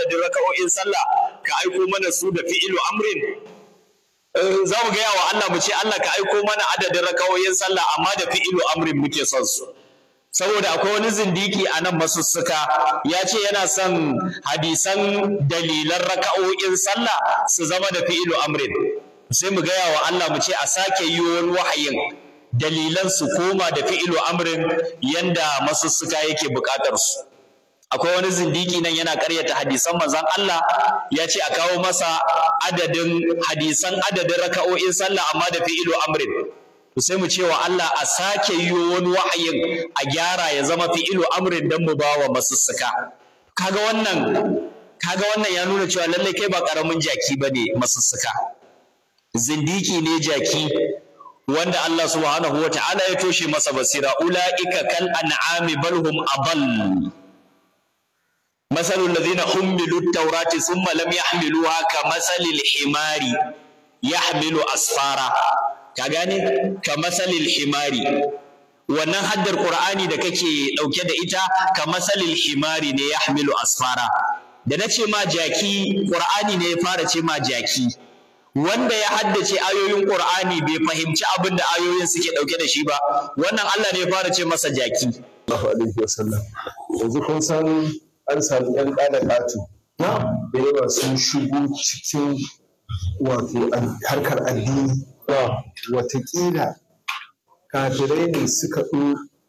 adadin raka'o'in sallah ka aiko mana su da fi'ilu amrin eh, za mu gaya wa Allah mu ce Allah ka aiko mana adadin raka'o'in sallah amma da fi'ilu amrin muke son su saboda akwai wani zindiki a nan masussuka ya ce yana son hadisan dalilan raka'o'in sallah su zama da fi'ilu amrin sai mu gaya wa Allah mu ce a sake yi wani wahayin dalilan su koma da fi'ilu amrin yanda masussuka yake bukatar su akwai wani zindiki nan yana karyata hadisan manzon Allah ya ce a kawo masa adadin hadisan adadin raka'o'in sallah amma da fi'ilu amrin to sai mu ce wa Allah a sake yi wani wa'ayin a gyara ya zama fi'ilu amrin dan mu bawa masussuka kaga wannan kaga wannan ya nuna cewa lallai kai ba karamin jaki bane masussuka zindiki ne jaki wanda Allah subhanahu wa ta'ala ya toshe masa basira ula'ika kal an'ami balhum hum adall مثل الذين حملوا التوراة ثم لم يحملوها كمثل الحمار يحمل أسفارا كأغاني كمثل الحمار wannan haddar Qur'ani da kake dauke da ita kamasalil himari ne yahmilu asfara da nace ma jaki Qur'ani ne ya fara ce ma jaki wanda ya haddace ayoyin Qur'ani bai fahimci abin da ayoyin suke dauke da shi ba wannan Allah ne ya fara ce masa jaki Allahu alaihi wasallam yanzu kun san an samu yan ɗana ƙato da yawa sun shigo cikin wato harkar addini watakila kafirai ne suka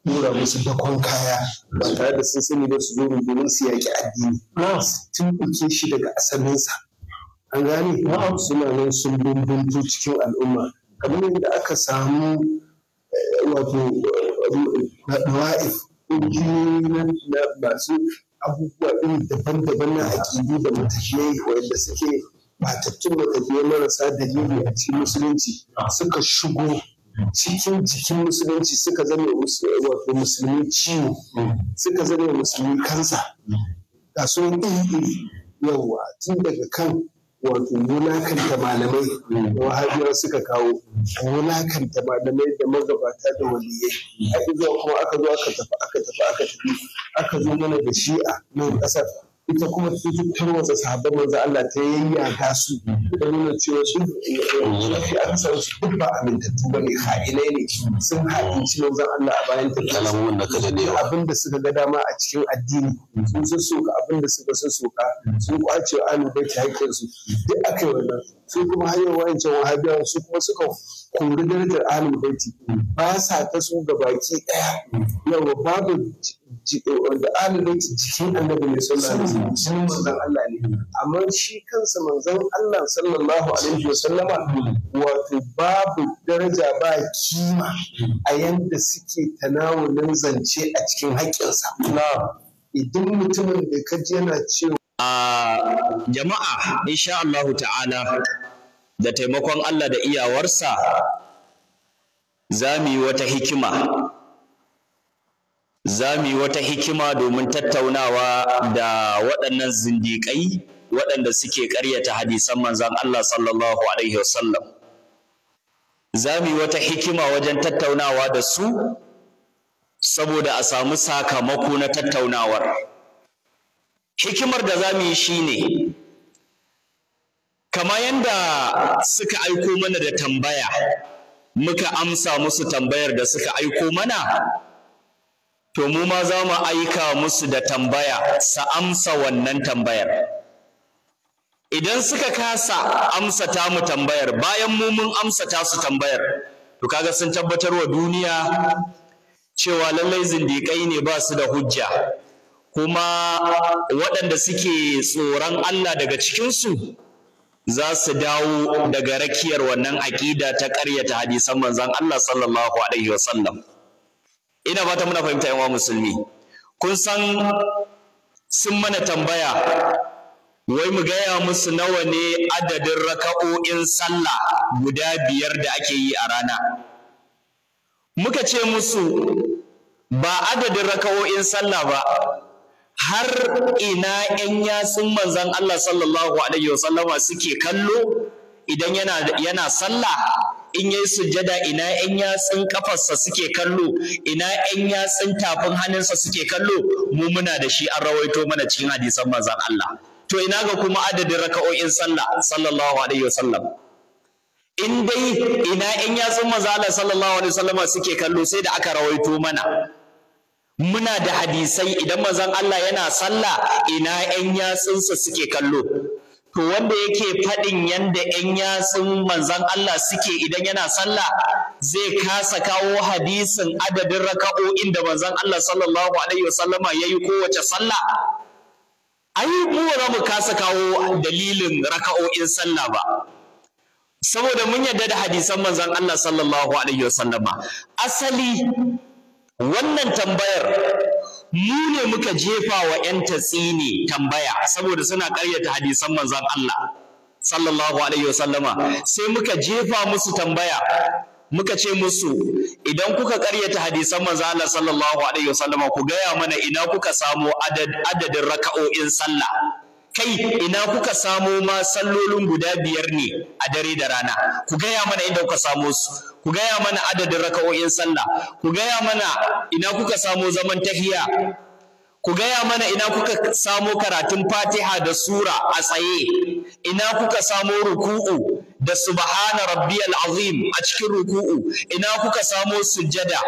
ɗora musu dakon kaya ba tare da sun sani ba su zo rungumin su yaƙi addini tun ɗauke shi daga asalinsa an gane suna nan sun bumbuntu cikin al'umma kamar yadda aka samu eh, wato nawa'if eh, eh, ƙungiyoyi na masu abubuwa ɗin daban-daban na aƙidu da mutane wanda suke da matafiye marasa dalili a cikin musulunci suka shigo cikin jikin musulunci suka zama wato musulmi ciwo suka zama musulmi kansa ga sun ɗin yawwa tun daga kan wato wulakanta malamai da wahabiyar suka kawo wulakanta malamai da magabata da waliyai a kuma aka zo aka tafi aka tafi aka tafi aka zo mana da shi'a nan ƙasar ita kuma ta wata tarwatsa sahabban manzo Allah ta yayyaga su da nuna cewa su mafi akasar su duk ba amintattu ba ne ha'ilai ne sun ha'inci manzan Allah a bayan tafiya abin da suka ga dama a cikin addini sun so soka abin da suka so soka sun kwace hakkin su duk aka yi wannan su kuma hanyar wayancan wahabiyar su kuma suka kori darajar alim baiti ba sa ta su ga baki daya yawa babu eh, da alim baiti jikin annabi ne sallallahu alaihi wasallam jinin manzon Allah ne amma shi kansa manzon Allah sallallahu alaihi sallama, wato babu daraja ba kima a yanda suke tanawulin zance a cikin haƙƙinsa idan mutumin da kaji yana cewa ah, jama'a insha Allah ta'ala da taimakon Allah da iyawarsa za mu yi wata hikima za mu yi wata hikima domin tattaunawa da waɗannan zindiƙai waɗanda suke ƙaryata hadisan manzan Allah sallallahu alaihi wasallam za mu yi wata hikima wajen tattaunawa da su saboda a samu sakamako na tattaunawar hikimar da za mu yi shi ne. kama yadda suka aiko mana da tambaya muka amsa musu tambayar da suka aiko mana to mu ma za mu aika musu da tambaya sa amsa wannan tambayar idan suka kasa amsa ta mu tambayar bayan mu mun amsa ta su tambayar to kaga sun tabbatar wa duniya cewa lallai zindiƙai ne ba su da hujja kuma waɗanda suke tsoron Allah daga cikinsu za su dawo daga rakiyar wannan aƙida ta ƙaryata hadisan manzan Allah sallallahu alaihi wasallam ina fata muna fahimta yan musulmi kun san sun mana tambaya wai mu gaya musu nawa ne adadin raka'o'in sallah guda biyar da ake yi a rana muka ce musu ba adadin raka'o'in sallah ba har ina ƴan yatsun manzon Allah sallallahu alaihi wasallama suke kallo idan yana yana sallah in yayi sujjada ina ƴan yatsun kafarsa suke kallo ina ƴan yatsun tafin hannunsa suke kallo mu muna da shi an rawaito mana cikin hadisan manzon Allah to ina ga kuma adadin raka'o'in sallah sallallahu alaihi wasallam in dai ina ƴan yatsun manzon Allah sallallahu alaihi wasallama suke kallo sai da aka rawaito mana muna da hadisai idan manzon Allah yana sallah ina 'yan yatsunsa suke kallo to wanda yake faɗin yanda ƴan yatsun manzon Allah suke idan yana sallah zai kasa kawo hadisin adadin raka'o'in da manzon Allah sallallahu alaihi wasallama yayi kowace sallah ai mu ba mu kasa kawo dalilin raka'o'in sallah ba saboda mun yarda da hadisan manzon Allah sallallahu alaihi wasallama asali wannan tambayar mu ne muka jefa wa ‘yan tatsini tambaya saboda suna ƙaryata hadisan manzan Allah sallallahu alaihi wasallama sai muka jefa musu tambaya muka ce musu idan kuka ƙaryata hadisan manzon Allah sallallahu alaihi wasallama ku gaya mana ina kuka samo adadin raka'o'in sallah kai ina kuka samo ma sallolin guda biyar ne a dare da rana ku gaya mana inda kuka samo su ku gaya mana adadin raka'o'in sallah ku gaya mana ina kuka samo zaman tahiya ku gaya mana ina kuka samo karatun fatiha da sura a tsaye ina kuka samo ruku'u da subhana rabbiyal azim a cikin ruku'u ina kuka samo sujjada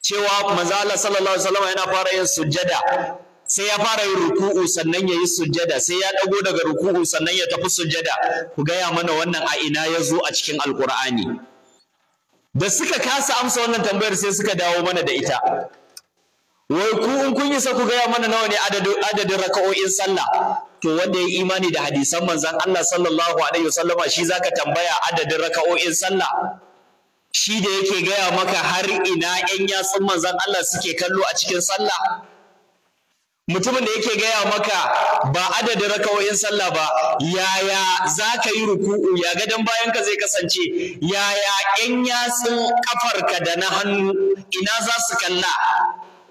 cewa manzo Allah sallallahu alaihi wasallam yana fara yin sujjada sai ya fara yin ruku'u sannan ya yi sujjada sai ya ɗago daga ruku'u sannan ya tafi sujjada ku gaya mana wannan a ina ya zo a cikin alkur'ani da suka kasa amsa wannan tambayar sai suka dawo mana da ita wai ku in kun yi sa ku gaya mana nawa ne adadin raka'o'in sallah to wanda ya imani da hadisan manzon Allah sallallahu alaihi wasallam shi zaka tambaya adadin raka'o'in sallah shi da yake gaya maka har ina 'yan yatsun manzon Allah suke kallo a cikin sallah mutumin da yake gaya maka ba adadin rakawoyin sallah ba yaya za ka yi ruku'u ya gadon bayan ka zai kasance yaya ƴan yatsun ƙafarka da na hannu ina za su kalla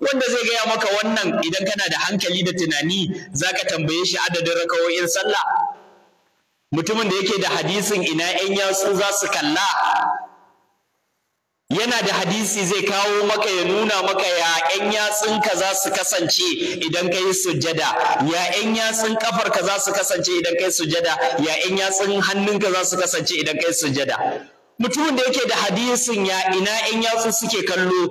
wanda zai gaya maka wannan idan kana da hankali da tunani za ka tambaye shi adadin rakawoyin sallah mutumin da yake da hadisin ina 'yan yatsu za su kalla yana da hadisi zai kawo maka ya nuna maka ya ƴan yatsunka za su kasance idan ka yi sujjada ya ƴan yatsun kafarka za su kasance idan ka yi sujjada ya ƴan yatsun hannunka za su kasance idan ka yi sujjada mutumin da yake da hadisin ya ina ƴan yatsu suke kallo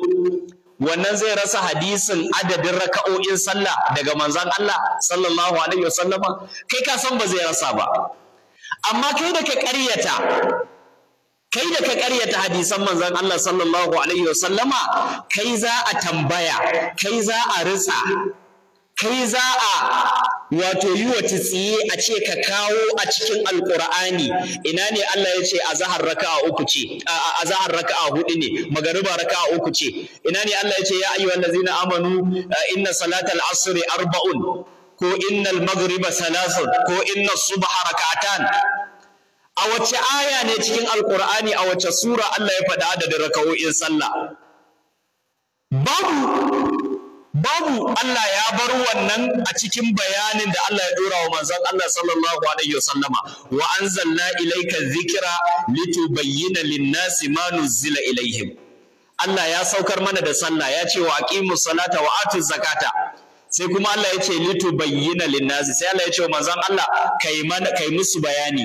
wannan zai rasa hadisin adadin raka'o'in sallah daga manzon Allah sallallahu alaihi wasallama kai ka san ba zai rasa ba amma kai da ka ƙaryata kai da ka karyata hadisan manzon Allah sallallahu alaihi wasallama kai za a tambaya kai za a ritsa kai za a wato yi wa tsiye a ce ka kawo a cikin Alƙur'ani. ina ne Allah ya ce raka'a uku ce a raka'a hudu ne magariba raka'a uku ce ina ne Allah ya ce ya ayyuhal ladzina amanu inna salatal asri arba'un ko innal maghriba salasun ko inna subha rakatan a wace aya ne cikin alkur'ani a wace sura Allah ya faɗi adadin raka'o'in sallah babu babu Allah ya bar wannan a cikin bayanin da Allah ya dora wa manzon Allah sallallahu alaihi wasallama wa anzalna ilayka dhikra litubayyana lin-nasi ma nuzila ilaihim Allah ya saukar mana da sallah ya ce wa aqimus salata wa atuz zakata sai kuma Allah ya ce litubayyana lin-nasi sai Allah ya ce wa manzon Allah kai mana kai musu bayani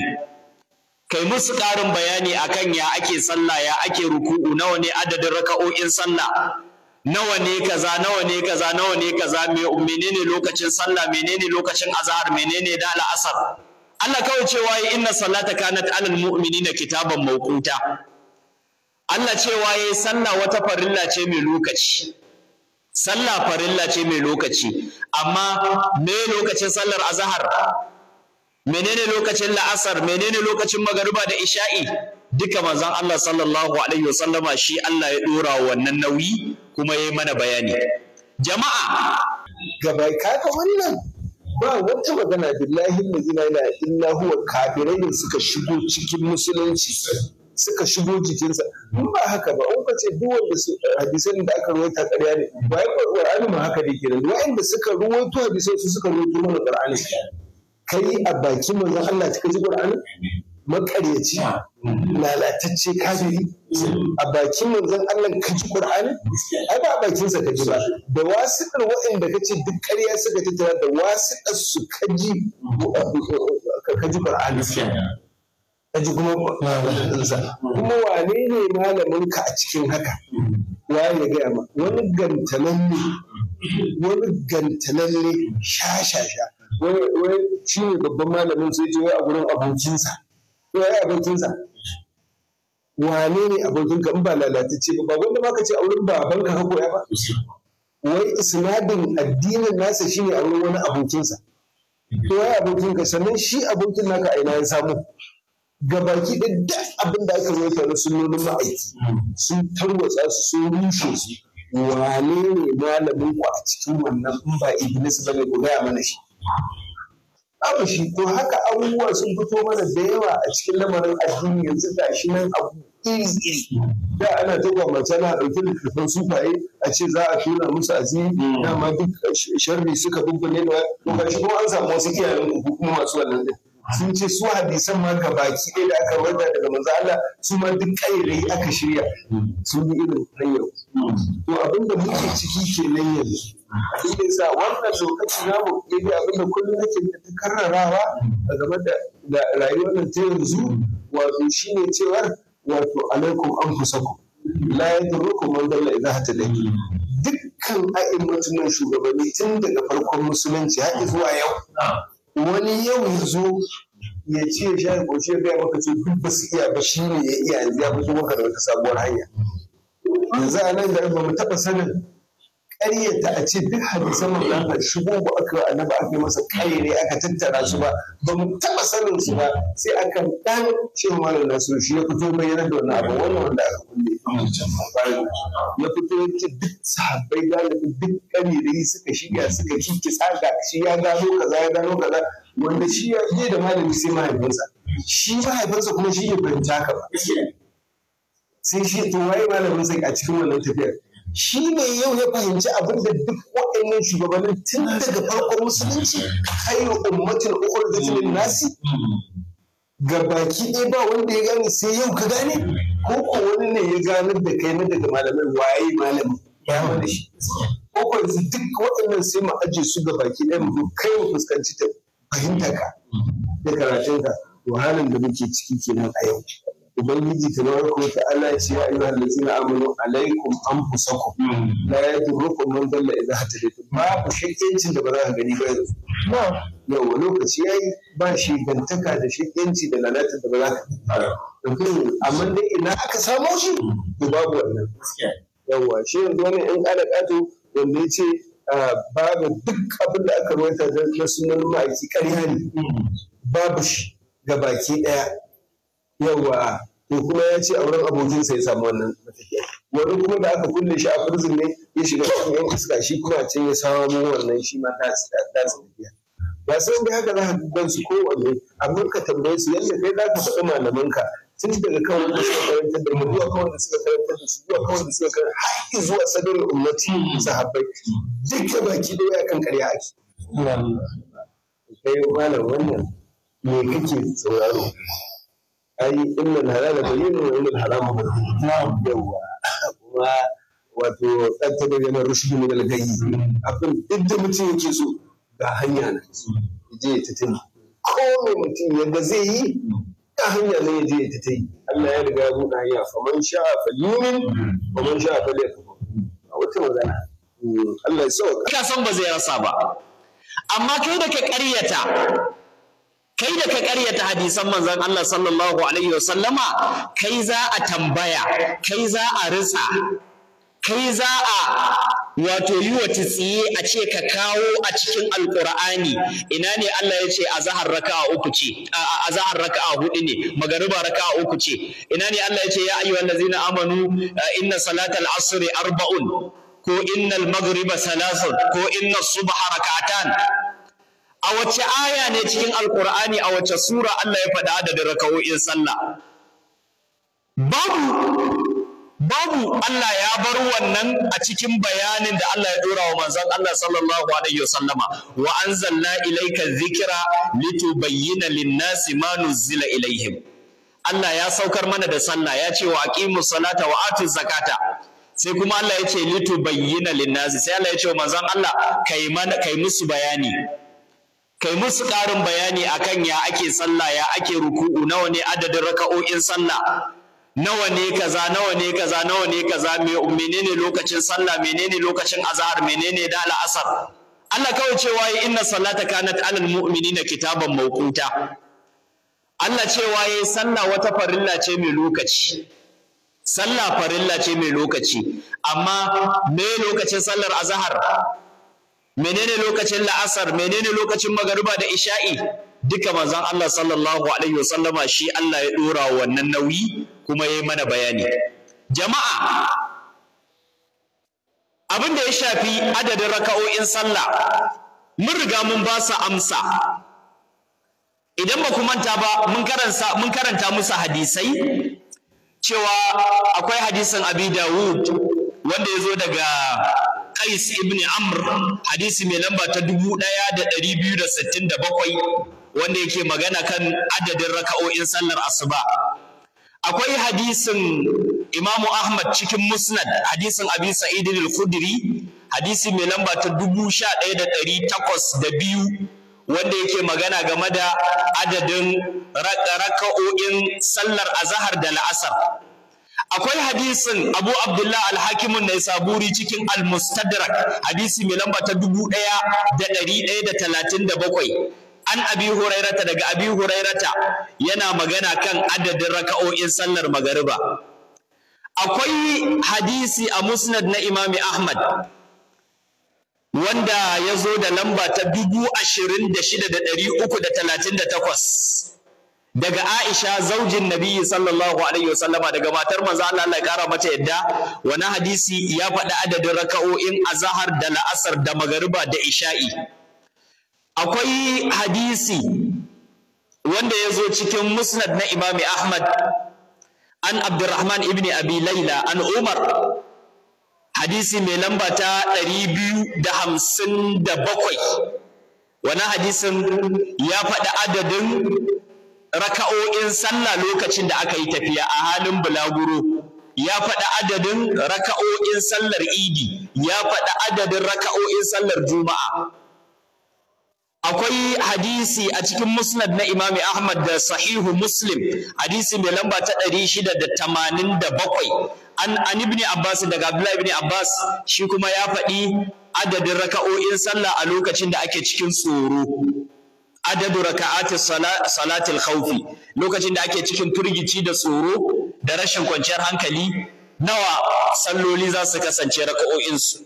kai musu ƙarin bayani akan ya ake sallah ya ake ruku'u nawa ne adadin raka'o'in sallah nawa ne kaza nawa ne kaza nawa ne kaza menene lokacin sallah menene lokacin azhar menene da al'asar Allah kawai cewa ya inna salata kanat alal mu'minina kitaban mawquta Allah cewa waye sallah wata farilla ce mai lokaci sallah farilla ce mai lokaci amma me lokacin sallar azhar menene lokacin la'asar menene lokacin magariba da isha'i duka manzon Allah sallallahu alaihi wasallama shi Allah ya dora wannan nauyi kuma yayi mana bayani jama'a gaba kaga wannan ba wata magana billahi la ila illa huwa kafirai da suka shigo cikin musulunci suka shigo jikinsa in ba haka ba in ce duk wanda hadisan da aka ruwaita ƙarya ne ba ya ƙwarƙwarani ma haka ne kenan wa'anda suka ruwaito hadisan su suka ruwaito mana ƙur'ani kai a baki manzon Allah ta kaji Qur'ani makaryaci lalatacce kafiri a bakin manzon Allah ka ji Qur'ani ai ba bakin sa ka ji ba da wasiɗar waɗanda kace duk ƙarya suka tattara da wasiɗar su ka ji ka ji Qur'ani kaji kuma kuma wane ne malamin ka a cikin haka waye ya gaya ma wani gantalalle wani gantalalle sha wai shi ne babban malamin sai ce wai a gurin abokinsa wai abokinsa wane ne abokinka in ba lalatacce ba wanda ma ka ce a wurin babanka ka koya ba wai isnadin addinin nasa shi ne a wurin wani abokinsa to wai abokinka sannan shi abokin naka a ina ya samu gabaki da duk abin da aka tare sun nuna ma'aiki sun tarwatsa su sun rushe su wane ne malamin ku a cikin wannan in ba iblis ne ku gaya mana shi babu shi to haka abubuwa sun fito mana da yawa a cikin lamarin addini yanzu ga shi nan abu da ana taba mace na ɗauke da kafin sufaye a ce za a tura musu asiri dama duk sharri suka ne da to ga shi kuma an samu wasu iyayen ku kuma masu wannan din sun ce su hadisan ma ga baki ɗaya da aka wanda daga manzo Allah su ma duk ƙairai aka shirya sun yi irin hanyar to abinda muke ciki kenan yanzu shi ne sa wannan lokaci namu yadda abinda kullum nake ta karrarawa a game da rayuwar nan ta yanzu wato shi ne cewar wato alaikum an fusaku la yadurrukum man dalla idza hatadaki dukkan a'immatu nan shugabanni tun daga farkon musulunci har zuwa yau wani yau ya zo ya ce ya sha ko shi ya gaya maka ce duk ba su iya ba shi ne ya iya yanzu ya fito maka da wata sabuwar hanya yanzu a nan garin mu taɓa sanin ƙaryata a ce duk hadisan mun dan shigo ba aka annabi aka masa ne aka tattara su ba ba mu taɓa sanin su ba sai aka ɗan ce malam nasu shi ya fito yana da wannan abu wannan wanda aka kulle ya fito ya ce duk sahabbai galibin duk ƙaryare suka shiga suka kike tsaga shi ya gano kaza ya gano kaza wanda shi ya je da malami sai mahaifinsa shi mahaifinsa kuma shi ya fahimta ka ba sai shi to waye malamin sai a cikin wannan tafiyar shi ne yau ya fahimci abin da duk waɗannan shugabannin tun daga farkon musulunci khairu ummatin da lin nasi ga baki ɗaya ba wanda ya gane sai yau ka gane ko ko wani ne ya gane da kai na daga malamai waye malami ya wani shi ko ko yanzu duk waɗannan sai mu aje su ga baki ɗaya mu kai mu fuskanci ta fahimta ka da karatunka wahalan da muke ciki kenan a yau ubangiji tabaraka wa ta'ala ce ya ayyuhal ladzina amanu alaikum anfusakum hmm. la yadurrukum man dalla idza hatadaytum babu shakkiyancin da ba za ka gani ba yanzu wa lokaci yayi ba shi gantaka da shakkiyanci da lalata da ba za ka gani amma dai ina aka samo shi to babu wannan yawa shi yanzu wani in ƙara ƙato wanda ya ce ah, babu duk abin da aka rawaita na sunan ma'aiki ƙarya ne hmm. babu shi ga baki ɗaya yawa to kuma ya ce a wurin abokinsa ya samu wannan wani kuma da aka kulle shi a prison ne ya shiga cikin yan iska shi kuma can ya samu wannan shi ma ta tafiya ba san da haka za ka gan su kowanne amma ka tambaye su yadda kai za ka faɗi malamanka tun daga kan wanda suka karanta da mu zuwa kan wanda suka karanta da su zuwa kan wanda suka karanta har zuwa sadarin ummati sahabbai dukkan baki ɗaya kan ƙarya ake kai malam wannan me kake tsoro ai innal halala bayyinun wa innal harama bayyinun na'am yawa kuma wato tsanta da yana rushdi min al-gayyi abin duk da mutum yake so ga hanya na je ya tafi ko me mutum yadda zai yi ga hanya ne je ya tafi Allah ya riga ya buɗe hanya faman fa falyumin faman sha'a falyakfur a wata magana hmm, Allah ya sauka ina son ba zai rasa ba amma kai da ka ƙaryata kai da ka karyata hadisan manzon Allah sallallahu alaihi wasallama kai za a tambaya kai za a ritsa kai za a wato yi wa tsiye a ce ka kawo a cikin Alƙur'ani. ina ne Allah ya ce a raka'a uku ce a zahar raka'a hudu ne magariba raka'a uku ce ina ne Allah ya ce ya ayyuhal ladzina amanu inna salatal asri arba'un ko innal maghriba salasun ko inna subha rakatan a wace aya ne cikin alkur'ani a wace sura Allah ya faɗi adadin raka'o'in sallah babu babu Allah ya bar wannan a cikin bayanin da Allah ya dora wa manzon Allah sallallahu alaihi wasallama wa anzalna ilayka dhikra litubayyana lin-nasi ma nuzila ilayhim Allah ya saukar mana da sallah ya ce wa aqimus salata wa atuz zakata sai kuma Allah ya ce litubayyana lin-nasi sai Allah ya ce wa manzon Allah kai mana kai musu bayani kai musu ƙarin bayani akan ya ake sallah ya ake ruku'u nawa ne adadin raka'o'in sallah nawa ne kaza nawa ne kaza nawa ne kaza menene lokacin sallah menene lokacin azhar menene da al'asar Allah kawai cewa yi inna salata kanat alal mu'minina kitaban mawquta Allah cewa yi sallah wata farilla ce mai lokaci sallah farilla ce mai lokaci amma me lokacin sallar azhar menene lokacin la'asar menene lokacin magariba da isha'i duka manzon Allah sallallahu alaihi wasallama shi Allah ya dora wannan nauyi kuma yayi mana bayani jama'a abin da ya shafi adadin raka'o'in sallah mun riga mun ba su amsa idan ba ku manta ba mun karanta mun karanta musu hadisai cewa akwai hadisin Abi Dawud wanda ya zo daga Qais ibn Amr hadisi mai lamba ta da bakwai wanda yake magana kan adadin raka'o'in sallar asuba akwai hadisin Imamu Ahmad cikin Musnad hadisin Abi Sa'id al-Khudri hadisi mai lamba ta sha ɗaya da biyu wanda yake magana game da adadin raka'o'in sallar azahar da la'asar akwai hadisin Abu Abdullah al-Hakim an-Naisaburi cikin al-Mustadrak hadisi mai lamba ta dubu ɗaya da da da talatin bakwai. an Abi Hurairata daga Abi Hurairata yana magana kan adadin raka'o'in sallar magariba akwai hadisi a Musnad na Imami Ahmad wanda ya zo da lamba ta dubu da shida takwas. daga Aisha zaujin Nabiyyi sallallahu alaihi wasallama daga matar manzo Allah Allah ya kara mata yadda wani hadisi ya faɗi adadin raka'o'in azhar da la'asar da magariba da isha'i akwai hadisi wanda ya zo cikin musnad na Imami Ahmad an Abdurrahman ibn Abi an Umar hadisi mai lamba ta 257 wani hadisin ya faɗi adadin raka'o'in sallah lokacin da aka yi tafiya a halin bulaguro ya faɗi adadin raka'o'in sallar idi ya faɗi adadin raka'o'in sallar juma'a akwai hadisi a cikin musnad na Imami ahmad da sahihu muslim hadisi mai lamba ta ɗari shida da tamanin bakwai, an an ibn abbas daga abdullahi ibn abbas shi kuma ya faɗi adadin raka'o'in sallah a lokacin da ake cikin tsoro adadu raka'ati salatil khawfi lokacin da ake cikin turgici da tsoro da rashin kwanciyar hankali nawa salloli za su kasance su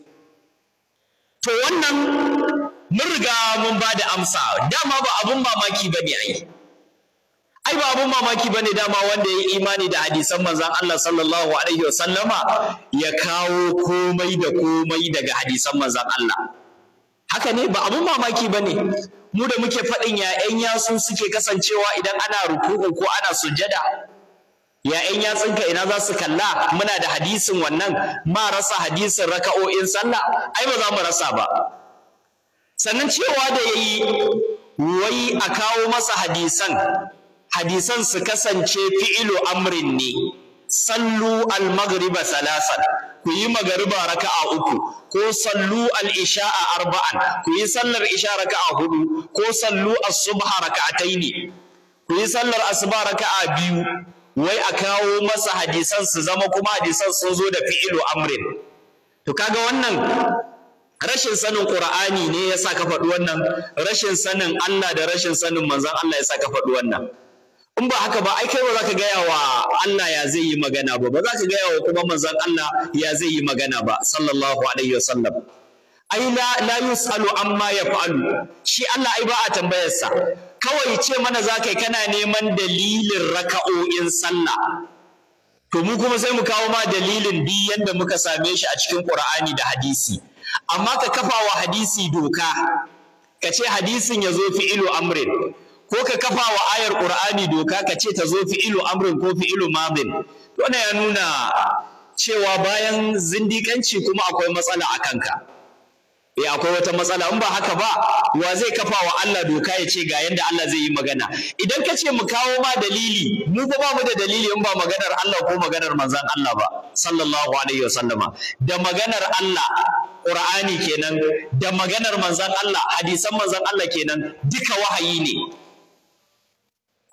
to wannan mun riga mun ba da amsa dama ba abun mamaki bane ai ai ba abun mamaki ba dama wanda ya yi imani da hadisan manzon Allah sallallahu alaihi wasallama ya kawo komai da komai daga hadisan manzon Allah haka ne ba abun mamaki ba ne mu da muke faɗin ya'yan yasu suke kasancewa idan ana ruku'u ko ana sujada? ya'yan yatsunka ina za su kalla muna da hadisin wannan ma rasa hadisin raka'o'in sallah ai ba za mu rasa ba sannan cewa da yayi wai a kawo masa hadisan hadisan su kasance fi'ilu amrin ne sallu al-maghriba salasan ku yi magariba raka'a uku ko sallu al-isha'a arba'an ku yi sallar isha raka'a hudu ko sallu as-subha raka'ataini ku yi sallar asuba raka'a biyu wai a kawo masa hadisan su zama kuma hadisan sun zo da fi'ilu amrin to kaga wannan rashin sanin qur'ani ne yasa ka faɗi wannan rashin sanin Allah da rashin sanin manzon Allah yasa ka faɗi wannan in ba haka ba ai kai ba za ka gaya wa Allah ya zai yi magana ba ba za ka gaya wa kuma manzon Allah ya zai yi magana ba sallallahu alaihi wasallam ai la la yusalu amma yaf'alu shi Allah ai ba a tambayarsa kawai ce mana za kai kana neman dalilin raka'o'in sallah to mu kuma sai mu kawo ma dalilin bi yanda muka same shi a cikin Qur'ani da hadisi amma ka kafa wa hadisi doka ka ce hadisin ya zo fi ilu amrin ko ka kafa wa ayar Qur'ani doka ka ce ta zo fi'ilu amrin ko fi'ilu madin to ya nuna cewa bayan zindikanci kuma akwai matsala a kanka eh akwai wata matsala in ba haka ba wa zai kafa wa Allah doka ya ce ga yanda Allah zai yi magana idan ka ce mu kawo ma dalili mu ba mu da dalili in ba maganar Allah ko maganar manzon Allah ba sallallahu alaihi wasallama da maganar Allah Qur'ani kenan da maganar manzon Allah hadisan manzon Allah kenan duka wahayi ne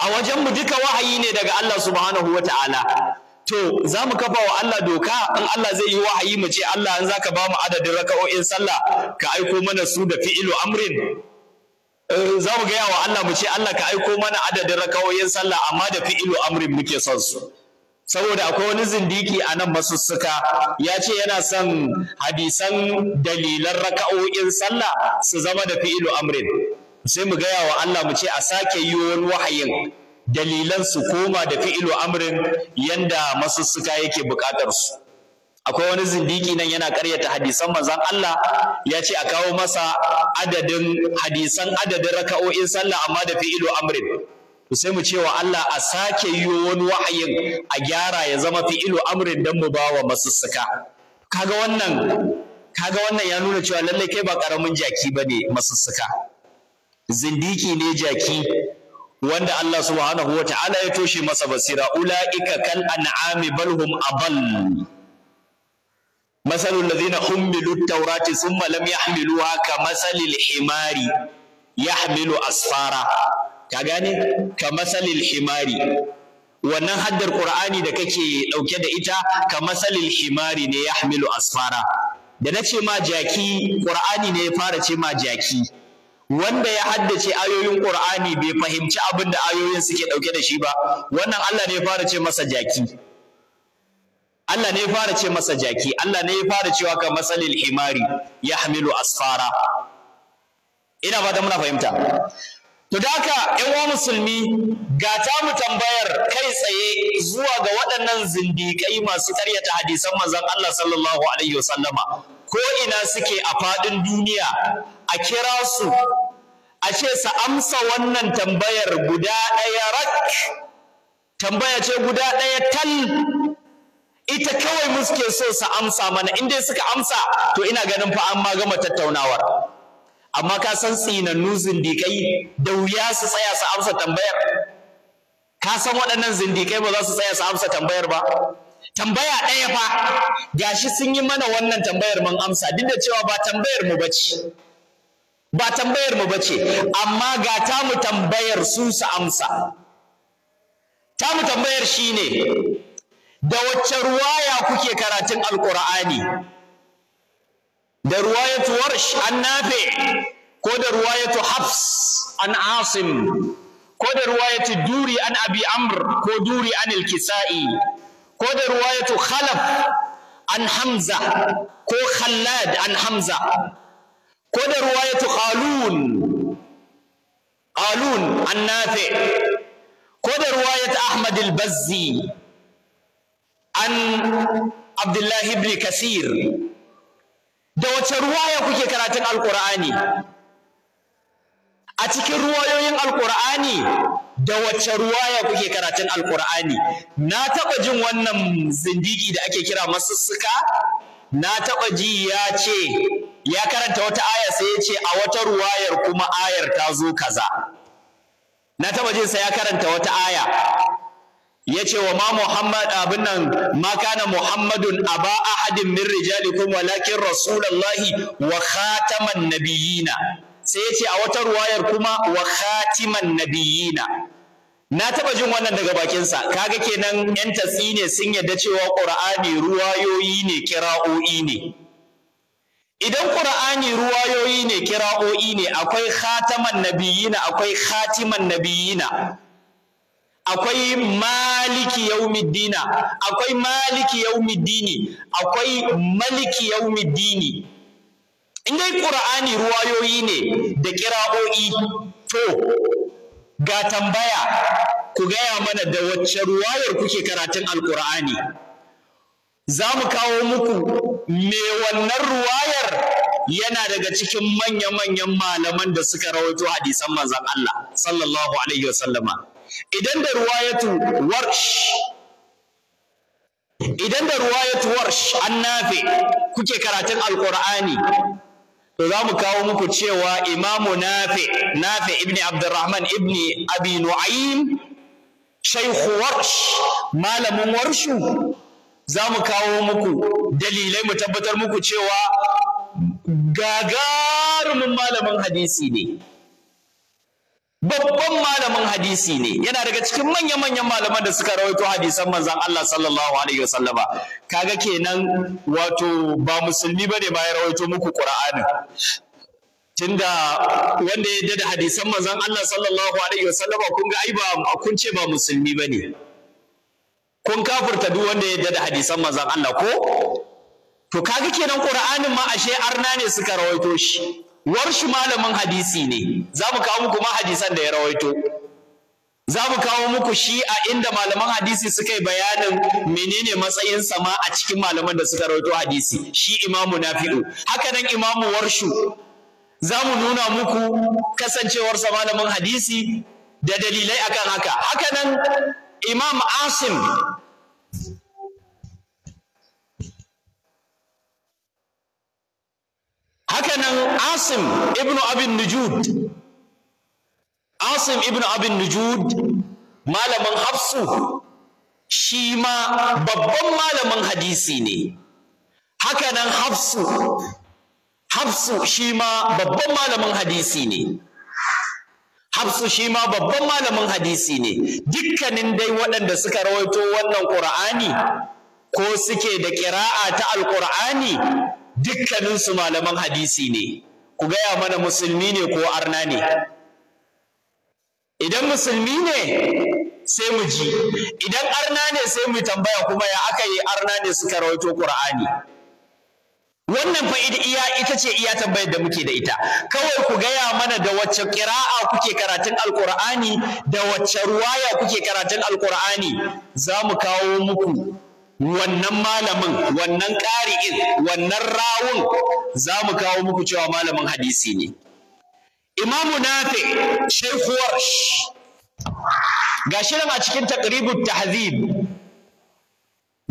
a wajenmu duka wahayi ne daga Allah subhanahu wata'ala ta'ala to za mu kafa wa Allah doka in Allah zai yi wahayi mu ce Allah in zaka ba mu adadin raka'o'in sallah ka aiko mana su da fi'ilu amrin eh, za mu gaya wa Allah mu ce Allah ka aiko mana adadin raka'o'in sallah amma da fi'ilu amrin muke son su saboda akwai wani zindiki a nan masussuka ya ce yana son hadisan dalilan raka'o'in sallah su zama da fi'ilu amrin sai mu gaya wa Allah mu ce a sake yi wani wahayin dalilan su koma da fi'ilu amrin yanda masussuka yake buƙatar su akwai wani zindiki nan yana karyata hadisan manzon Allah ya ce a kawo masa adadin hadisan adadin raka'o'in sallah amma da fi'ilu amrin sai mu ce wa Allah a sake yi wani wahayin a gyara ya zama fi'ilu amrin dan mu bawa masussuka kaga wannan kaga wannan ya nuna cewa lallai kai ba ƙaramin jaki bane masussuka zindiki ne jaki wanda Allah subhanahu wa ta'ala ya toshe masa basira ula'ika kal an'ami bal hum abal masalul ladhina hummilu at-taurati thumma lam yahmiluha ka masalil himari yahmilu asfara ka gane ka masalil himari wannan haddar qur'ani da kake dauke da ita ka masalil himari ne yahmilu asfara da nace ma jaki qur'ani ne ya fara ce ma jaki wanda ya haddace ayoyin Qur'ani bai fahimci abin da ayoyin suke dauke da shi ba wannan Allah ne ya fara ce masa jaki Allah ne ya fara ce masa jaki Allah ne ya fara cewa ka masalil himari yahmilu asfara ina ba da muna fahimta to da haka musulmi ga ta mu tambayar kai tsaye zuwa ga waɗannan zindiƙai masu ƙaryata hadisan mazan Allah sallallahu alaihi wasallama ko ina suke a faɗin duniya a kira su a ce su amsa wannan tambayar guda ɗaya rak tambaya ce guda ɗaya tal ita kawai muke so su amsa mana in dai suka amsa to ina ganin fa an ma gama tattaunawar amma ka san tsinannu zindikai da wuya su tsaya su amsa tambayar ka san waɗannan zindikai ba za su tsaya su amsa tambayar ba tambaya ɗaya fa gashi sun yi mana wannan tambayar mun amsa duk da cewa ba tambayar mu bace ba tambayar mu bace amma ga ta mu tambayar su su amsa ta mu tambayar shine da wacce ruwaya kuke karatun alqur'ani da ruwayatu warsh an nafe ko da ruwayatu hafs an asim ko da ruwayatu duri an abi amr ko duri an al ko da ruwayatu khalaf an hamza ko khallad an hamza ko da ruwayatu qalun qalun an nafe ko da ruwayat ahmad an abdullahi ibn kasir da wace ruwaya kuke karatun alkur'ani a cikin ruwayoyin alkur'ani da wace ruwaya kuke karatun alkur'ani na taɓa jin wannan zindigi da ake kira masussuka na taɓa ji ya ce ya karanta wata aya sai ya ce a wata ruwayar kuma ayar ta zo kaza na taɓa jinsa ya karanta wata aya ya ce wa ma Muhammad abin nan ma kana Muhammadun aba ahadin min rijalikum walakin rasulullahi wa khataman nabiyina sai ya ce a wata ruwayar kuma wa khatiman nabiyina na taba jin wannan daga bakinsa kaga kenan yan tatsi ne sun yadda cewa qur'ani ruwayoyi ne kira'o'i ne idan qur'ani ruwayoyi ne kira'o'i ne akwai khataman nabiyina akwai khatiman nabiyina akwai maliki yaumiddina akwai maliki yaumiddini akwai maliki yaumiddini in dai qur'ani ruwayoyi ne da kira'o'i to ga tambaya ku gaya mana da wacce ruwayar kuke karatun alqur'ani za mu kawo muku me wannan ruwayar yana daga cikin manya-manyan malaman da suka rawaito hadisan manzon Allah sallallahu alaihi wasallama idan da ruwayatu warsh idan da ruwayatu warsh kuke karatun alqur'ani to za mu kawo muku cewa imamu nafi Nafe ibni abdurrahman ibni abi nu'aym shaykhu warsh malamin warshu za mu kawo muku dalilai mu tabbatar muku cewa gagarumin malamin hadisi ne babban malamin hadisi ne yana daga cikin manya-manyan malaman da suka rawaito hadisan manzon Allah sallallahu alaihi wasallama kaga kenan wato ba musulmi bane ba ya rawaito muku Qur'anin tunda wanda ya da hadisan manzon Allah sallallahu alaihi wasallama kun ga ai ba kun ce ba musulmi bane kun kafirta duk wanda ya da hadisan manzon Allah ko to kaga kenan Qur'anin ma ashe arna ne suka rawaito shi warshi malamin hadisi ne za mu kawo muku ma da ya rawaito za mu kawo muku shi a inda malaman hadisi suka yi bayanin menene matsayin sama a cikin malaman da suka rawaito hadisi shi imamu nafi'u haka nan imamu warshu za mu nuna muku kasancewarsa malamin hadisi da dalilai akan haka haka nan imam asim hakanan asim Ibn abin nujud asim Ibn abin nujud malamin hafsu shi ma babban malamin hadisi ne hakanan hafsu hafsu shi ma babban malamin hadisi ne hafsu shi ma babban malamin hadisi ne dukkanin dai waɗanda suka rawaito wannan ƙura'ani, ko suke da ƙira'a ta alƙur'ani dukkaninsu malaman hadisi ne ku gaya mana musulmi ne ko arna ne idan musulmi ne sai mu ji idan arna ne sai mu tambaya kuma ya aka yi arna ne suka rawaito qur'ani wannan fa iya ita ce iya tambayar da muke da ita kawai ku gaya mana da wacce qira'a kuke karatun alqur'ani da wacce ruwaya kuke karatun alqur'ani za mu kawo muku wannan malamin wannan ƙari'in wannan rawun za mu kawo muku cewa malamin hadisi ne imamu nafi shaikuwar ga shirin a cikin taqribut tahzib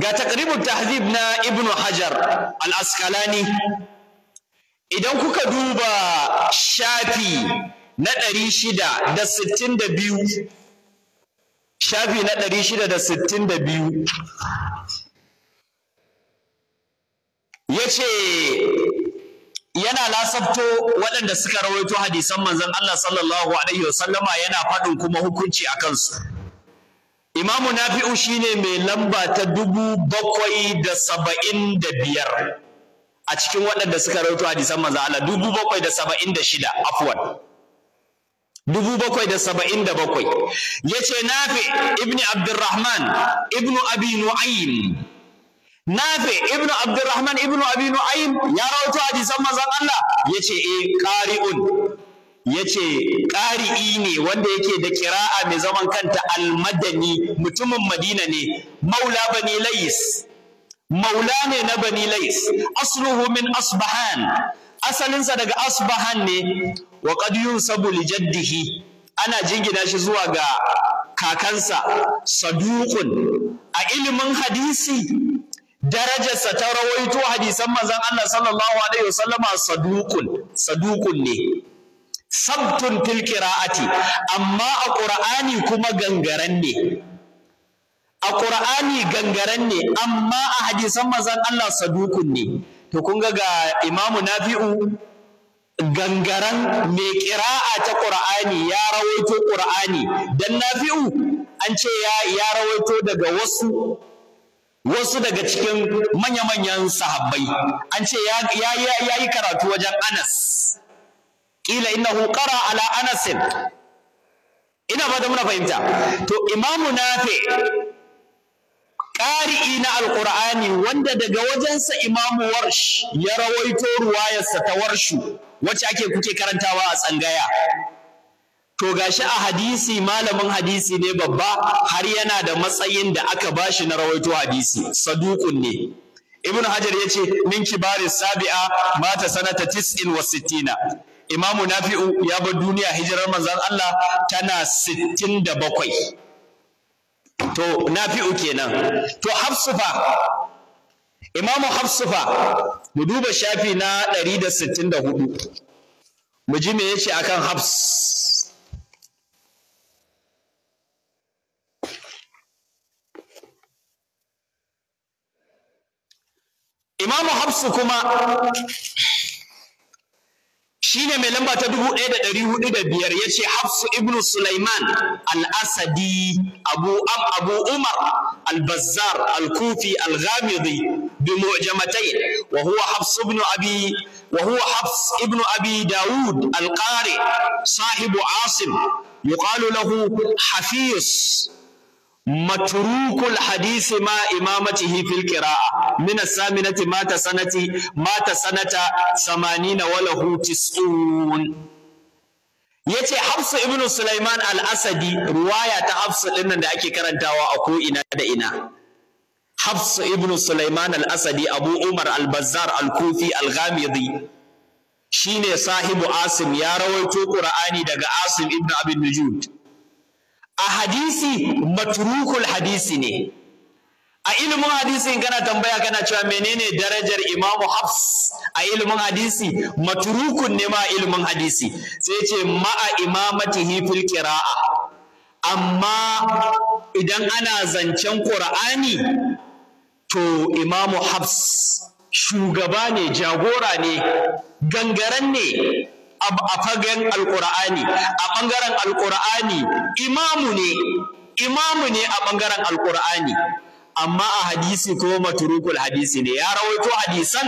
ga taqribut tahzib na ibnu hajar al askalani idan kuka duba shafi na ɗari shida da sittin da biyu shafi na ɗari shida da sittin da biyu ya ce yana lasabto waɗanda suka rawaito hadisan manzon Allah sallallahu alaihi wasallama yana faɗin kuma hukunci a kansu imamu nafi'u shine mai lamba ta dubu bakwai da saba'in da biyar a cikin waɗanda suka rawaito hadisan manzon Allah dubu bakwai da saba'in da shida afuwan dubu bakwai da saba'in da bakwai ya ce nafi ibni abdurrahman ibnu abi nu'aym Nafi ibnu Abdurrahman ibnu Abi Nu'aym ya rawaito hadisan manzon Allah yace e qari'un yace qari'i ne wanda yake da qira'a mai zaman kanta al-madani mutumin Madina ne maula bani Lais maula ne na bani Lais asluhu min Asbahan asalinsa daga Asbahan ne wa qad yunsabu li jaddihi ana jingina shi zuwa ga kakansa saduqun a ilimin hadisi darajarsa ta rawaito hadisan manzon Allah sallallahu alaihi wasallam saduqun saduqun ne sabtun fil qira'ati amma a qur'ani kuma gangaren ne a qur'ani gangaren ne amma a hadisan manzon Allah saduqun ne to kun ga ga imamu nafi'u gangaran mai ƙira'a ta ƙur'ani ya rawaito ƙur'ani dan nafi'u an ce ya rawaito daga wasu wasu daga cikin manya-manyan sahabbai an ce ya yi karatu wajen anas ƙila ina hukara ala anasin ina ba da muna fahimta to imamu nafi ƙari'i na alƙur'ani wanda daga wajensa imamu warsh ya rawaito ruwayarsa ta warshu wacce ake kuke karantawa a tsangaya to gashi a hadisi malamin hadisi ne babba har yana da matsayin da aka bashi na rawaito hadisi saduqun ne ibn hajar yace min kibaris sabi'a mata sanata 69 imamu nafi'u ya bar duniya hijirar manzon Allah tana 67 to nafi'u kenan to hafsufa imamu hafsufa mu duba shafi na 164 mu ji me yace akan hafs imamu hafsu kuma shine mai lamba ta dubu ɗaya da ɗari hudu da biyar ya ce hafsu ibnu sulaiman al-asadi abu am abu umar al-bazzar al-kufi al-ghamidi bi mu'jamatai wa huwa hafsu ibnu abi wa huwa ibnu abi daud al-qari sahibu asim yuqalu lahu hafiyus matrukul hadisi ma imamatihi fil qira'a min saminati mata sanati mata sanata 80 wa lahu yace Hafsu ibn Sulaiman al-Asadi ruwaya ta Hafsu ɗinnan da ake karantawa a ko ina da ina Hafsu ibn Sulaiman al-Asadi Abu Umar al-Bazzar al-Kufi al-Ghamidi shine sahibu Asim ya rawaito Qur'ani daga Asim ibn Abi Nujud a hadisi matrukul hadisi ne a ilimin hadisi kana tambaya kana cewa menene darajar imamu hafs a ilimin hadisi matrukun ne ma ilimin hadisi sai ce ma'a imamati hifil kira'a amma idan ana zancen qur'ani to imamu hafs shugaba ne jagora ne gangaren ne a fagen alkur'ani a ɓangaren alkur'ani imamu ne imamu ne a ɓangaren alkur'ani amma a hadisi ko maturukul hadisi ne ya rawaito hadisan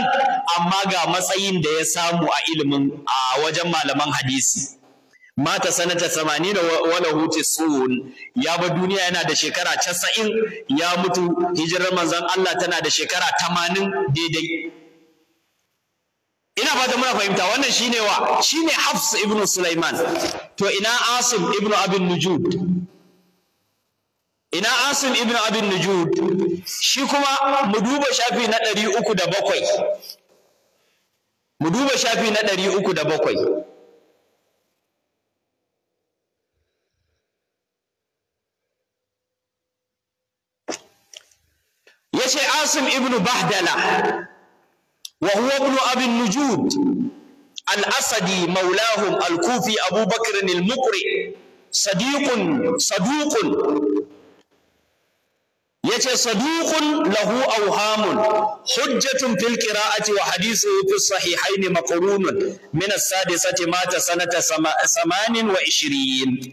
amma ga matsayin da ya samu a ilimin a wajen malaman hadisi mata sanata samani da wala huti suhun ya ba duniya yana da shekara casa'in ya mutu hijirar manzon Allah tana da shekara tamanin daidai ina fata muna fahimta wannan shine wa shine Hafs ibn Sulaiman to ina Asim ibn Abin Nujud ina Asim ibn Abin Nujud shi kuma mu duba shafi na ɗari uku da bakwai. mu duba shafi na ɗari uku da bakwai. Ya ce Asim ibn Bahdala wa huwa ibn abin nujud al-asadi maulahum al-kufi abubakar al sadiqun saduqun yace saduqun lahu awhamun hujjatun fil qira'ati wa hadithuhu fi sahihayn maqrunun min as-sadisati mata sanata 28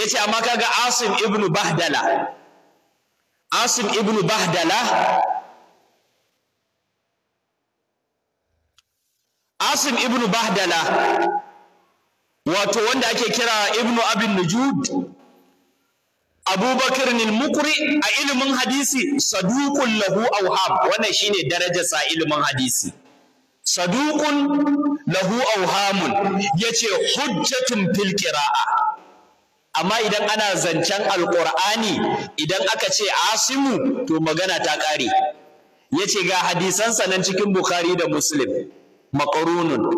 yace maka ga Asim ibn Bahdala Asim ibn Bahdala asim ibn bahdala wato wanda ake kira ibn abin Najud abubakar al a ilimin hadisi saduqun lahu awham wannan shine darajarsa ilimin hadisi saduqun lahu awhamun yace hujjatun fil qira'a amma idan ana zancen Alƙur'ani, idan aka ce asimu to magana ta kare yace ga hadisansa nan cikin bukhari da muslim maqrunun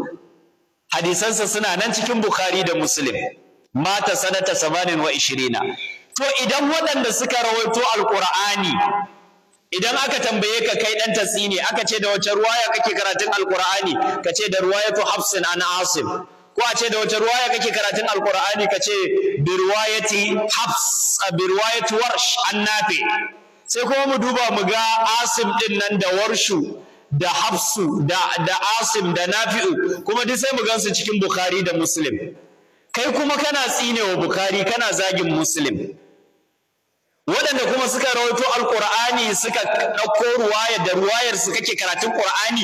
hadisansa suna nan cikin bukhari da muslim mata sanata 27 to idan waɗanda suka rawaito alqur'ani idan aka tambaye ka kai dan tsini, ne aka ce da wace ruwaya kake karatun alqur'ani ka da ruwayatu hafsin an asim ko a ce da wace ruwaya kake karatun alqur'ani ka bi ruwayati hafs bi ruwayati warsh an nafi sai kuma mu duba mu ga asim din nan da warshu da Hafsu da da Asim da Nafi'u kuma duk sai mu gansu cikin Bukhari da Muslim kai kuma kana tsinewa Bukhari kana zagin Muslim waɗanda kuma suka rawaito alƙur'ani suka ɗauko ruwaya da ruwayar su kake karatun ƙur'ani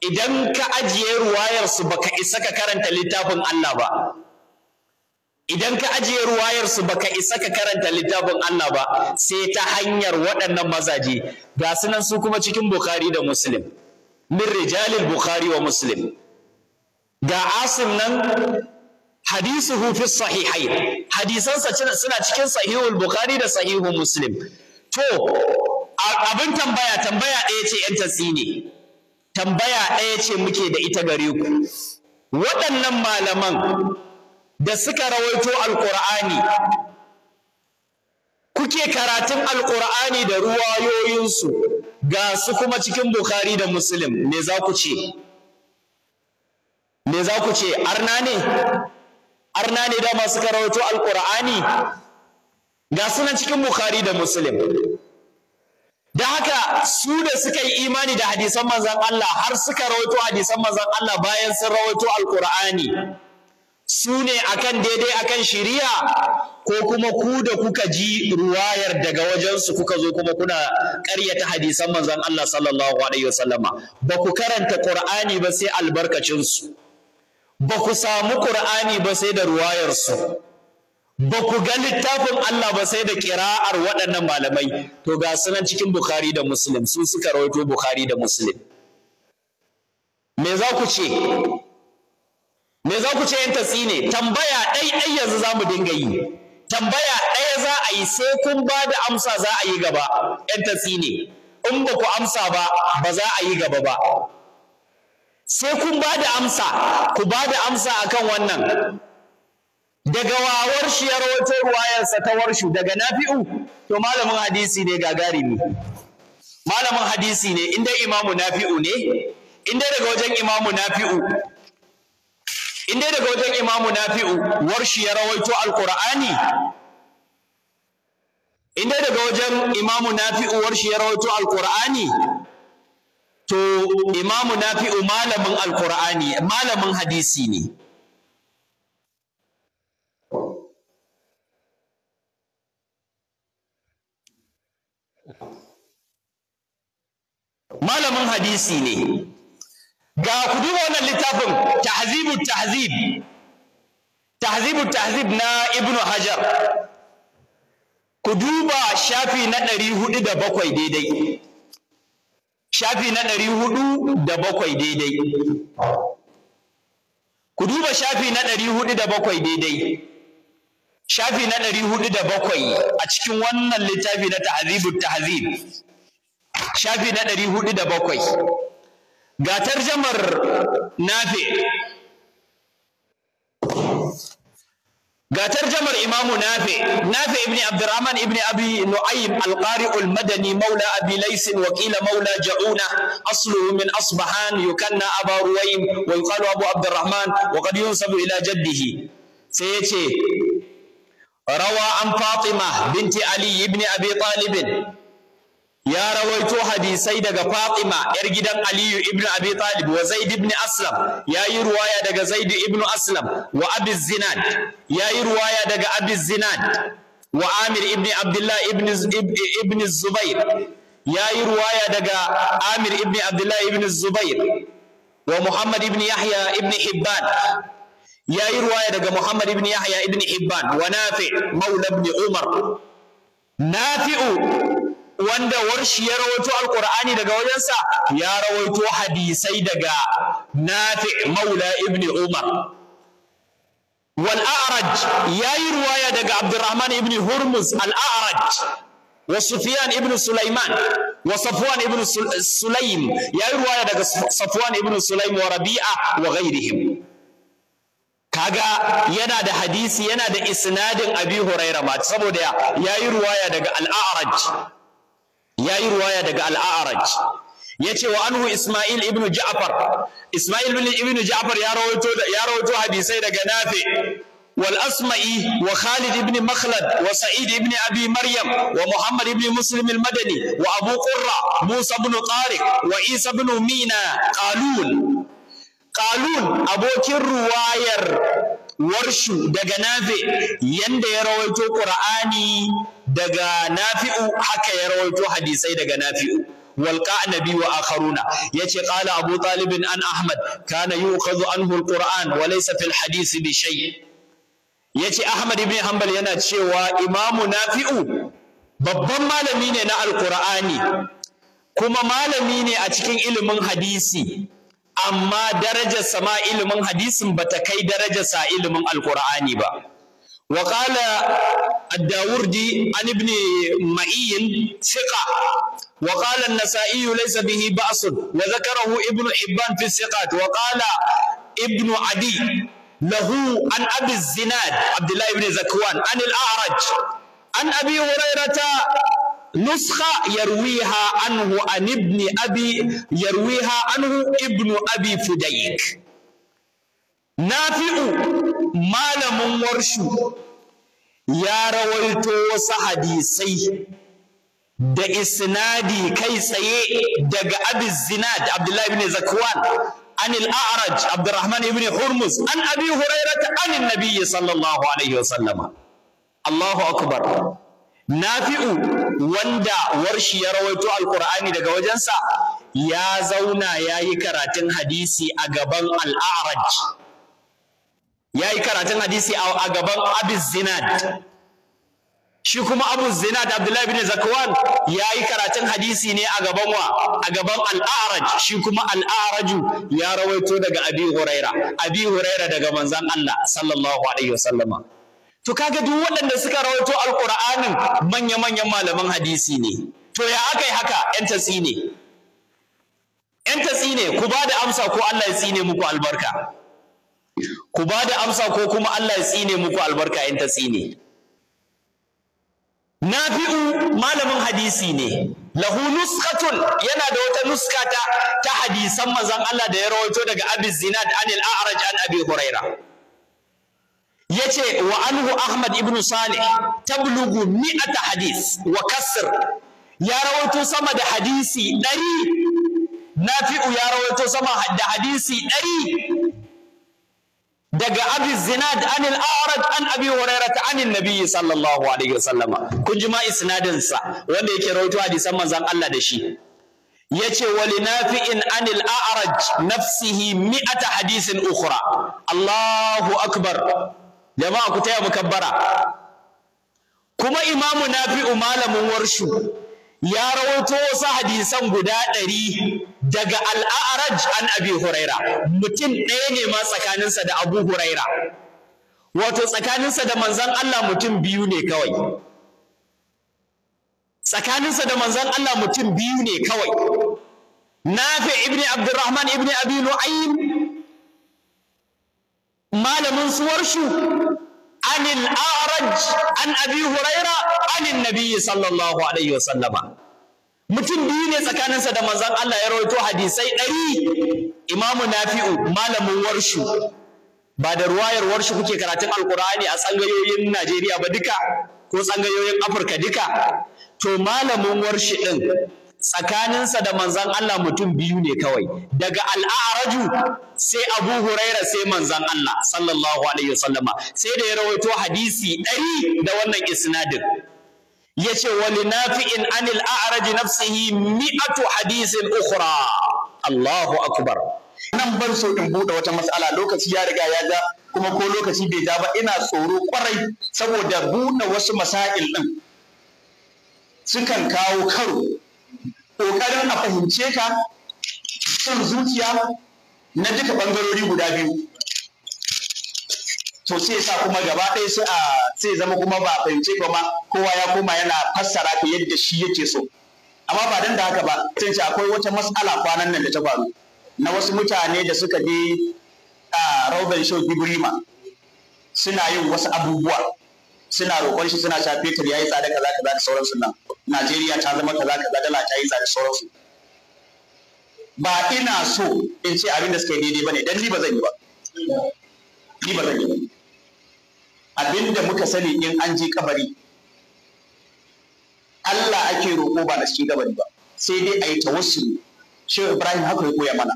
idan ka ajiye ruwayar su baka isa ka karanta littafin Allah ba idan ka ajiye ruwayarsu baka isa ka karanta littafin Allah ba sai ta hanyar waɗannan mazaje ga sunan su kuma cikin Bukhari da Muslim min rijalil Bukhari wa Muslim ga Asim nan hadisuhu fi sahihain hadisansa suna cikin sahihul Bukhari da sahihu Muslim to abin tambaya tambaya ɗaya ce yan tasini tambaya ɗaya ce muke da ita gare ku waɗannan malaman da suka rawaito alƙur'ani kuke karatun alƙur'ani da ruwayoyinsu ga su kuma cikin bukhari da muslim me za ku ce me za ku ce arna ne arna ne da suka rawaito alƙur'ani ga sunan cikin bukhari da muslim da haka su da suka yi imani da hadisan manzon Allah har suka rawaito hadisan manzon Allah bayan sun rawaito alƙur'ani su ne akan daidai akan shiriya ko kuma ku da kuka ji ruwayar daga wajensu kuka zo kuma kuna ƙaryata hadisan manzon Allah sallallahu alaihi wasallama ba ku karanta Qur'ani ba sai albarkacinsu ba ku samu Qur'ani ba sai da ruwayarsu ba ku ga littafin Allah ba sai da ƙira'ar waɗannan malamai to ga sunan cikin Bukhari da Muslim su suka rawaito Bukhari da Muslim me za ku ce me za ku ce yin tatsi ne tambaya ɗai ɗai yanzu za mu dinga yi tambaya ɗaya za a yi sai kun ba da amsa za a yi gaba yan tatsi ne in ba ku amsa ba ba za a yi gaba ba sai kun ba da amsa ku ba da amsa akan wannan daga wawar shi ya rawaito ruwayarsa ta warshu daga nafi'u to malamin hadisi ne gagarimi malamin hadisi ne inda imamu nafi'u ne inda daga wajen imamu nafi'u in dai daga wajen imamu nafi'u warshi ya rawaito alqur'ani in dai daga wajen imamu nafi'u ya rawaito alqur'ani to imamu nafi'u malamin alqur'ani malamin hadisi ne malamin hadisi ne ga ku duba wannan littafin tahzibut tahzib tahzibut tahzib na ibnu hajar ku duba shafi na ɗari da bakwai daidai shafi na ɗari da bakwai daidai ku duba shafi na ɗari da bakwai daidai shafi na ɗari da bakwai a cikin wannan littafi na tahzibut tahzib shafi na ɗari da bakwai ga tarjamar nafi ga tarjamar imamu nafi nafi ibn abdurrahman ibn abi nu'aym al-qari al-madani maula abi lays wa qila maula ja'una asluhu min asbahan yukanna aba ruwaym wa yuqalu abu abdurrahman wa qad yunsabu ila jaddihi sai yace rawa an fatima binti ali ibn abi talib ya rawaito hadisai daga Fatima yar gidan Aliyu ibn Abi Talib wa Zaid ibn Aslam ya yi ruwaya daga Zaid ibn Aslam wa Abi Zinad ya yi ruwaya daga Abi Zinad wa Amir ibn Abdullah ibn ibn Zubair ya yi ruwaya daga Amir ibn Abdullah ibn Zubair wa Muhammad ibn Yahya ibn Hibban ya yi ruwaya daga Muhammad ibn Yahya ibn Hibban wa Nafi maula ibn Umar Nafi'u wanda warshi ya rawaito alqur'ani daga wajensa ya rawaito hadisai daga nafi maula ibni umar wal a'raj yayi ruwaya daga abdurrahman ibni hurmuz al a'raj wa sufyan ibn sulaiman wa safwan ibn sulaim yayi ruwaya daga safwan ibn sulaim wa rabi'a wa ghairihim kaga yana da hadisi yana da isnadin abi huraira ma saboda yayi ruwaya daga al-a'raj ya yi ruwaya daga al'a'araj ya ce wa anhu isma'il ibnu ja'far isma'il ibnu ja'far ya rawaito ya rawaito hadisai daga nafi wal asma'i wa khalid ibn makhlad wa sa'id ibn abi maryam wa muhammad ibn muslim al madani wa abu qurra musa ibn tariq wa isa ibn mina qalun qalun abokin ruwayar warshu daga nafi yanda ya rawaito qur'ani daga nafi'u haka ya rawaito hadisai daga nafi'u والقى النبي واخرون يتي قال ابو طالب عن احمد كان يؤخذ عنه القران وليس في الحديث بشيء يتي احمد بن حنبل yana cewa imamu nafi'u babban malami ne na alqur'ani kuma malami ne a cikin ilimin hadisi amma darajar sa ilimin hadisin bata kai daraja sa ilimin al'ƙur'ani ba wa qala ad-dawurdi an ibn ma'in thiqa wa qala an-nasa'i laysa bihi ba's wa dhakarahu ibn hibban fi thiqat wa ibn adi lahu an abi az-zinad abdullah ibn zakwan an araj an abi hurairata nuskha yarwiha anhu an ibn abi yarwiha anhu ibn abi fudayk nafi'u malamin warshu ya rawaito wasu hadisai da isnadi kai tsaye daga abi zinad abdullahi ibn zakwan عن الأعرج عبد الرحمن بن حرمز عن أبي هريرة عن النبي صلى الله عليه وسلم الله أكبر nafi'u wanda warshi ya rawaito al alqur'ani daga wajensa ya zauna ya yi karatun hadisi a gaban al'araj ya yi karatun hadisi a gaban abu zinad shi kuma abu zinad abdullahi bin zakwan ya yi karatun hadisi ne a gaban wa a gaban al'araj shi kuma al al'araju ya rawaito daga abi huraira abi huraira daga manzan allah sallallahu alaihi wasallama to kage duk waɗanda suka rawaito alƙur'anin manya-manyan malaman hadisi ne to ya aka yi haka yan tatsi ne yan tatsi ne ku ba da amsa ko Allah ya tsine muku albarka ku ba da amsa ko kuma Allah ya tsine muku albarka yan tatsi ne Nafi'u malamin hadisi ne lahu nuskatun yana da wata nuska ta hadisan manzon Allah da ya rawaito daga Abi Zinad anil A'raj an Abi Huraira. yace wa anhu ahmad ibn salih tablugu mi'ata hadis wa kasr ya rawaito sama da hadisi 100 nafi'u ya rawaito sama da hadisi dari? daga abi zinad an al-a'raj an abi hurairah an an-nabi sallallahu alaihi wasallam kun ji ma isnadin sa wanda yake rawaito hadisan manzon Allah da shi yace wali nafi'in an al-a'raj nafsihi mi'ata hadisin ukhra Allahu akbar jama'a ku taya mukabbara kuma imamu nafi'u malamin warshu ya rawaito wasu hadisan guda ɗari daga al'araj an abi huraira mutum ɗaya ne ma tsakaninsa da abu huraira wato tsakaninsa da manzan Allah mutum biyu ne kawai tsakaninsa da manzan Allah mutum biyu ne kawai nafi ibn abdurrahman ibn abi nu'aym malamin suwarshu anil a'raj an abi huraira anin nabiyyi sallallahu alaihi wasallama mutum biyu ne tsakaninsa da manzon Allah ya rawaito hadisai ɗari imamu nafi'u malamin warshu ba da ruwayar warshu kuke karatun alkur'ani a tsangayoyin Najeriya ba duka ko tsangayoyin Afirka duka to malamin warshi ɗin tsakaninsa da manzan Allah mutum biyu ne kawai daga al'araju sai Abu Huraira sai manzan Allah sallallahu alaihi wasallama sai da ya rawaito hadisi ɗari da wannan isnadin yace wali nafi'in anil a'raji nafsihi mi'atu hadisin ukhra Allahu akbar nan ban so in buɗe wata matsala lokaci ya riga ya ga, kuma ko lokaci bai ja ba ina tsoro kwarai saboda buɗe wasu masail ɗin sukan kawo karo ƙoƙarin a fahimce ka son zuciya na duka ɓangarori guda biyu to sai sa kuma gaba ɗaya sai a sai zama kuma ba fahimce ba ma kowa ya koma yana fassara ka yadda shi yake so amma ba dan da haka ba sai ce akwai wata mas'ala kwanan nan da ta faru na wasu mutane da suka je a ah, Rauben Show Bibrima suna yin wasu abubuwa suna roƙon shi suna cewa fetur yayi tsada kaza kaza da sauransu nan Najeriya ta zama kaza kaza dala ta yi tsada sauransu ba ina so in ce abin da suke daidai bane dan ni ba zan yi ba ni ba zan yi ba abin da muka sani in an je kabari Allah ake roƙo ba da cikin kabari ba sai dai a yi tawassuli Shehu Ibrahim haka ya koya mana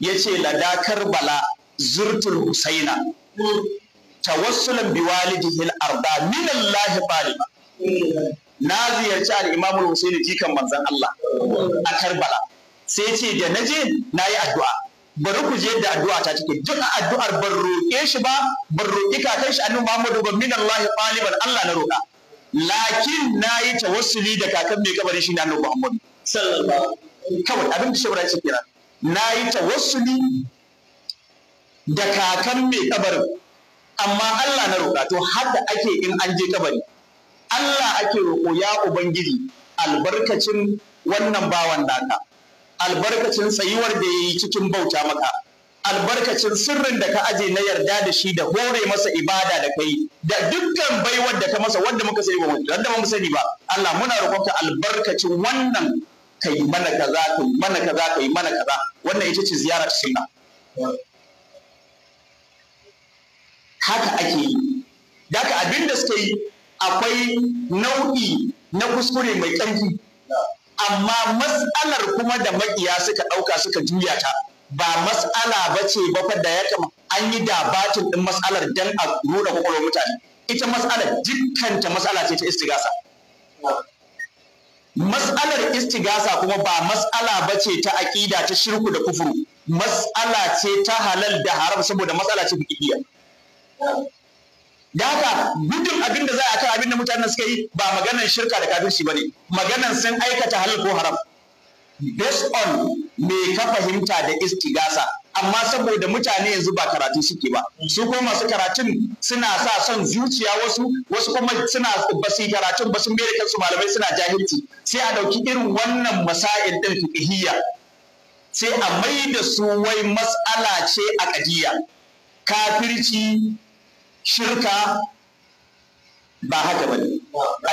ya ce ladakar bala zurtul husaina tawassulan bi walidihil arda min Allah taliba na ziyarci al-Imam al-Husaini jikan manzon Allah a Karbala sai ce da naje nayi addu'a bari ku je da addu'a ta take duk addu'ar ban roƙe shi ba ban roƙi kakan shi annabi Muhammadu ban min Allah taliban Allah na roƙa lakin nayi tawassuli da kakan mai kabarin shi annabi Muhammadu sallallahu kawai abin da shebra ya kira nayi tawassuli da kakan mai kabarin amma Allah na roƙa to haka ake in an je kabari Allah ake roƙo ya ubangiji albarkacin wannan bawan naka albarkacin tsayuwar da yayi cikin bauta maka albarkacin sirrin da ka aje na yarda da shi da hore masa ibada da kai da dukkan baiwar da ka masa wanda muka sani ba wanda ba mu sani ba Allah muna roƙon ka albarkacin wannan kai mana kaza kai mana kaza kai mana kaza wannan ita ce ziyarar sunna haka ake yi Daka abin da suka yi akwai nau'i na kuskure mai ƙarfi amma matsalar kuma da maƙiya suka ɗauka suka juya ta ba matsala ba ce ba da ya kama an yi dabatin ɗin matsalar don a ruɗa kwakwalwar mutane ita matsalar dukkanta matsala ce ta istigasa matsalar istigasa kuma ba matsala ba ce ta aƙida ta shirku da kufuru matsala ce ta halal da haram saboda matsala ce fikiyya da haka gudun abin da za a kan abin da mutanen suka yi ba maganan shirka da kafirci ba ne maganan sun aikata halal ko haram based on me ka fahimta da istigasa amma saboda mutane yanzu ba karatu suke ba su ko masu karatun suna sa son zuciya wasu wasu kuma suna ba su karatun ba sun kansu malamai suna jahilci sai a ɗauki irin wannan masail ɗin fiqhiyya sai a mai da su wai mas'ala ce a kadiyya kafirci shirka ba haka bane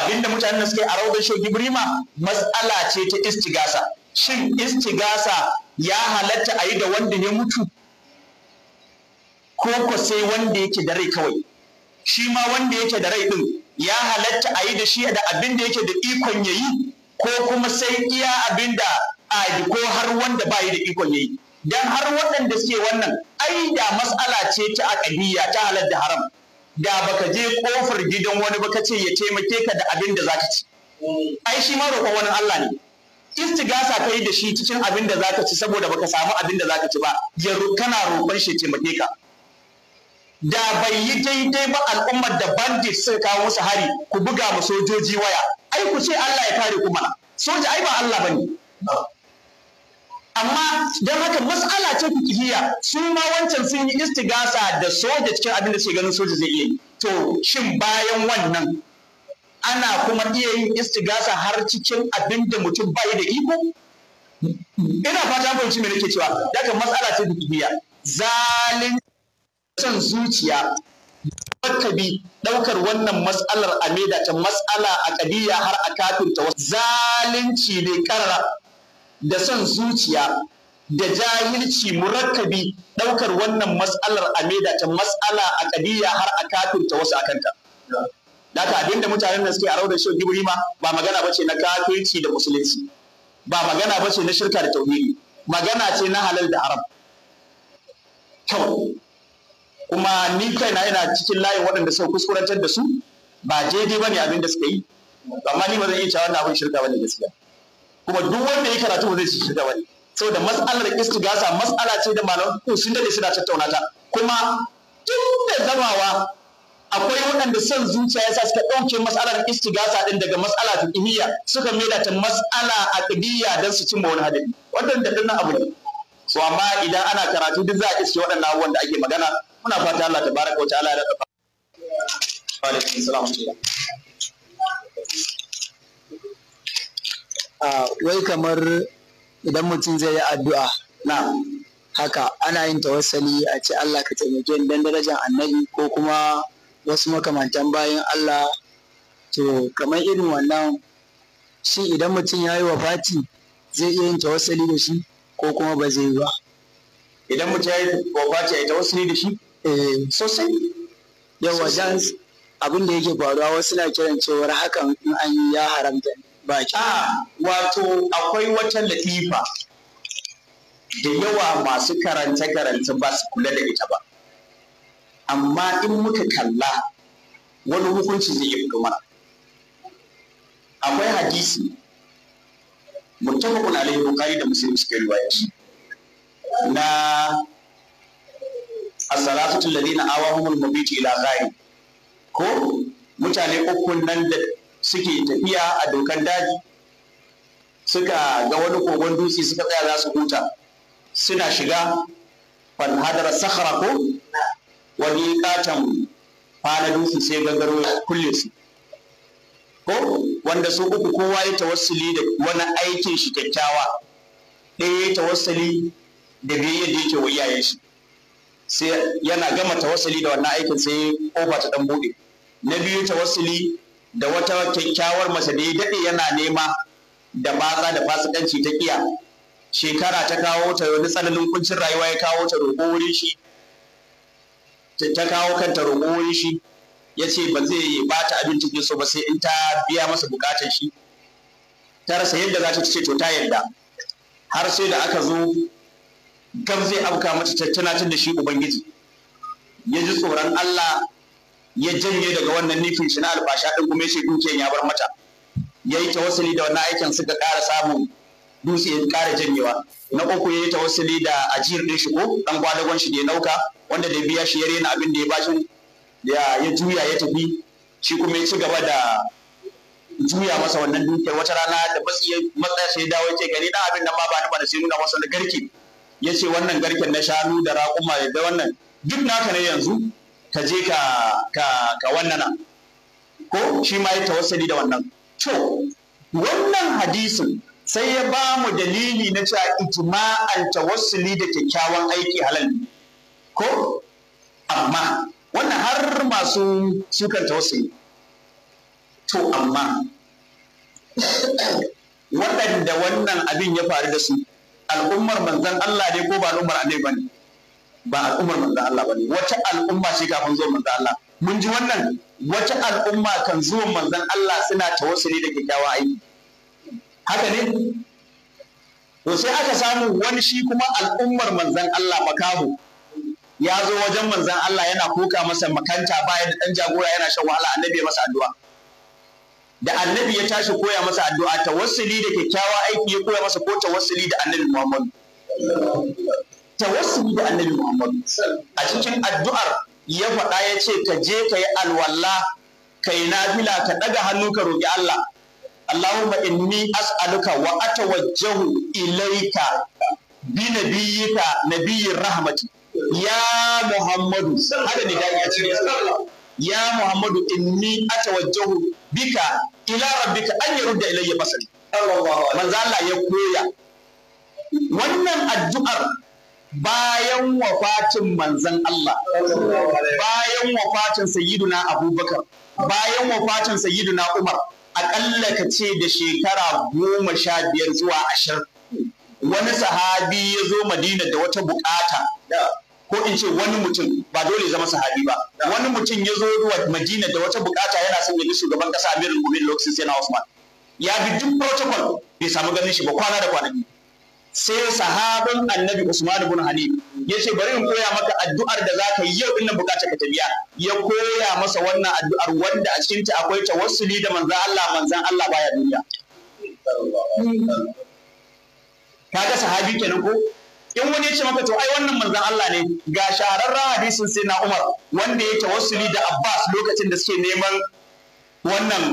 abinda mutanen da suke a raudar shogi birima matsala ce ta istigasa shin istigasa ya halatta a yi da wanda ya mutu ko ko sai wanda yake da rai kawai shi ma wanda yake da rai din ya halatta a yi da shi da abin da yake da ikon ya ko kuma sai iya abin da a ko har wanda ba yi da ikon yayi dan har waɗanda suke wannan ai da matsala ce ta aƙadiyya ta halatta haram da baka je kofar gidan wani ba kace ya taimake ka da abin da zaka ci ai shi ma roƙon wani Allah ne istigasa kai da shi cikin abin da zaka ci saboda baka samu abin da zaka ci ba ya kana roƙon shi taimake ka da bai yi daidai ba al'ummar da bandit sun kawo musu hari ku buga mu sojoji waya ai ku ce Allah ya kare ku mana soja ai ba Allah bane amma don haka mas'ala ce fiqhiyya su ma wancan sun yi istigasa da soja cikin abin da suke ganin soja zai iya yi to shin bayan wannan ana kuma iya yin istigasa har cikin abin da mutum bai da iko ina fata fahimci me nake cewa daga masala ce fiqhiyya zalin son zuciya bi ɗaukar wannan mas'alar a ta mas'ala a kadiya har a kafin ta kafinta zalunci ne karara da son zuciya da jahilci murakkabi ɗaukar wannan masalar a maida ta matsala a ƙadiyya har a kafirta wasu akanta ta. Da ka da mutanen da suke a raudar shi Ibrahima ba magana ba ce na kafirci da musulunci, ba magana ba ce na shirka da tauhidi, magana ce na halal da haram. Kyau. Kuma ni kai na yana cikin layin waɗanda suka kuskurantar da su ba daidai ba ne abin da suka yi, amma ni ba zan iya cewa wannan abin shirka ba ne gaskiya. kuma duk wanda ya karatu ba zai ci ba bane saboda mas'alar gasa, mas'ala ce da malaman fiqh sun dade suna tattauna ta kuma tun da zamawa akwai waɗanda son zuciya yasa suka ɗauke mas'alar istigasa din daga mas'ala fiqhiyya suka maida ta mas'ala aqdiyya dan su cimma wani hadari waɗanda na abu ne so amma idan ana karatu duk za a iske waɗannan abubuwan da ake magana muna fata Allah tabaraka wa ta'ala ya Ah, wai kamar idan mutum zai yi addu'a na haka ana yin tawassali a ce Allah ka taimake ni dan darajar annabi ko kuma wasu makamantan bayan Allah to kamar irin wannan shi idan mutum ya yi wafati zai iya yin tawassali da shi ko kuma ba zai yi ba idan mutum ya yi wafati ya yi tawassali da shi eh sosai yawa dan abin da yake faruwa wasu na kiran cewar hakan in an yi ya haramta ne baki a ah, wato akwai wata latifa da yawa masu karanta karanta ba su kula da ita ba amma in muka kalla wani hukunci zai yi fito akwai hadisi muttafaqun alaihi bukhari da musulmi suka riwaya shi na as-salatu alladhina awahumul mabit ila ko mutane uku nan da suke tafiya a dokan daji suka ga wani kogon dutse suka tsaya za su huta suna shiga falhadar sahara ko wani katon fana dutse sai gangaro ya kulle su ko wanda su uku kowa ya tawassuli da wani aikin shi kyakkyawa ɗaya ya tawassuli da biyu yadda yake wa shi sai yana gama tawassuli da wannan aikin sai kofa ta dan buɗe na biyu tawassuli da wata kyakkyawar mace da ya daɗe yana nema da baza da fasikanci ta kiya shekara ta kawo ta wani tsananin kuncin rayuwa ya kawo ta roƙo wurin shi ta kawo kanta roƙo wurin shi ya ce ba zai ba ta abin take so ba sai in ta biya masa buƙatar shi ta rasa yadda za ta ce to ta yarda har sai da aka zo gam zai afka mata ta tun da shi ubangiji ya ji tsoron Allah ya janye daga wannan nufin shi na albasha ɗin kuma ce dukiyan ya bar mata Ya yi tawassuli da wannan aikin suka ƙara samun dutse ya ƙara janyewa na uku yi tawassuli da ajiyar ɗin shi ko ɗan gwadagon shi da ya nauka wanda da biya shi ya rena abin da ya bashin ya ya juya ya tafi shi kuma ya ci gaba da juya masa wannan dukiyar wata rana da matsi ya matsa sai dawo ce gani dan abin nan ma ba ni ba sai nuna masa da garke Ya ce wannan garken na shanu da raƙuma da wannan duk naka ne yanzu ka je ka ka ka wannan ko shi ma ya tawassali da wannan to wannan hadisin sai ya ba mu dalili na cewa ijma'an tawassuli da kyakkyawan aiki halal ko amma wannan har masu sukan tawassuli to amma waɗanda wannan abin ya faru da su al'ummar manzon Allah ne ko ba al'ummar annabi bane ba al'ummar manzo Allah ba ne. Wacce al'umma ce kafin zuwan manzo Allah mun ji wannan Wace al'umma kan zuwan manzan Allah suna tawassuli da kyakkyawa aiki haka ne to sai aka samu wani shi kuma al'ummar manzan Allah makamu ya zo wajen manzan Allah yana koka masa makanta bayan da dan jagora yana shan wahala annabi ya masa addu'a da annabi ya tashi koya masa addu'a tawassuli da kyakkyawa aiki ya koya masa ko tawassuli da annabi Muhammadu tawassuli da annabi Muhammadu a cikin addu'ar ya faɗa ya ce ka je ka yi alwala ka yi nafila ka ɗaga hannu ka roƙi Allah Allahumma inni as'aluka wa atawajjahu ilaika bi nabiyyika nabiyyin rahmati ya Muhammadu haka ne dai ya ce ya Muhammadu inni atawajjahu bika ila rabbika an yarudda ilayya basari manzo ya koya wannan addu'ar bayan wafatin manzan Allah bayan wafatin sayyiduna Abubakar bayan wafatin sayyiduna Umar aƙalla ka ce da shekara goma sha biyar zuwa ashirin wani sahabi ya zo madina da wata bukata ko in ce wani mutum ba dole zama sahabi ba wani mutum ya zo madina da wata bukata yana son ya ga shugaban kasa amirin gumin lokacin sai na Usman ya bi duk protocol bai samu ganin shi ba kwana da kwanaki sai sahabin annabi Usman ibn Hanif ya ce bari in koya maka addu'ar da za ka yi yau din nan bukata ka tabiya ya koya masa wannan addu'ar wanda a cikin ta akwai tawassuli da manzon Allah manzon Allah baya duniya kaga sahabi kenan ko in wani ya ce maka to ai wannan manzon Allah ne ga shahararren hadisin sai na Umar wanda ya tawassuli da Abbas lokacin da suke neman wannan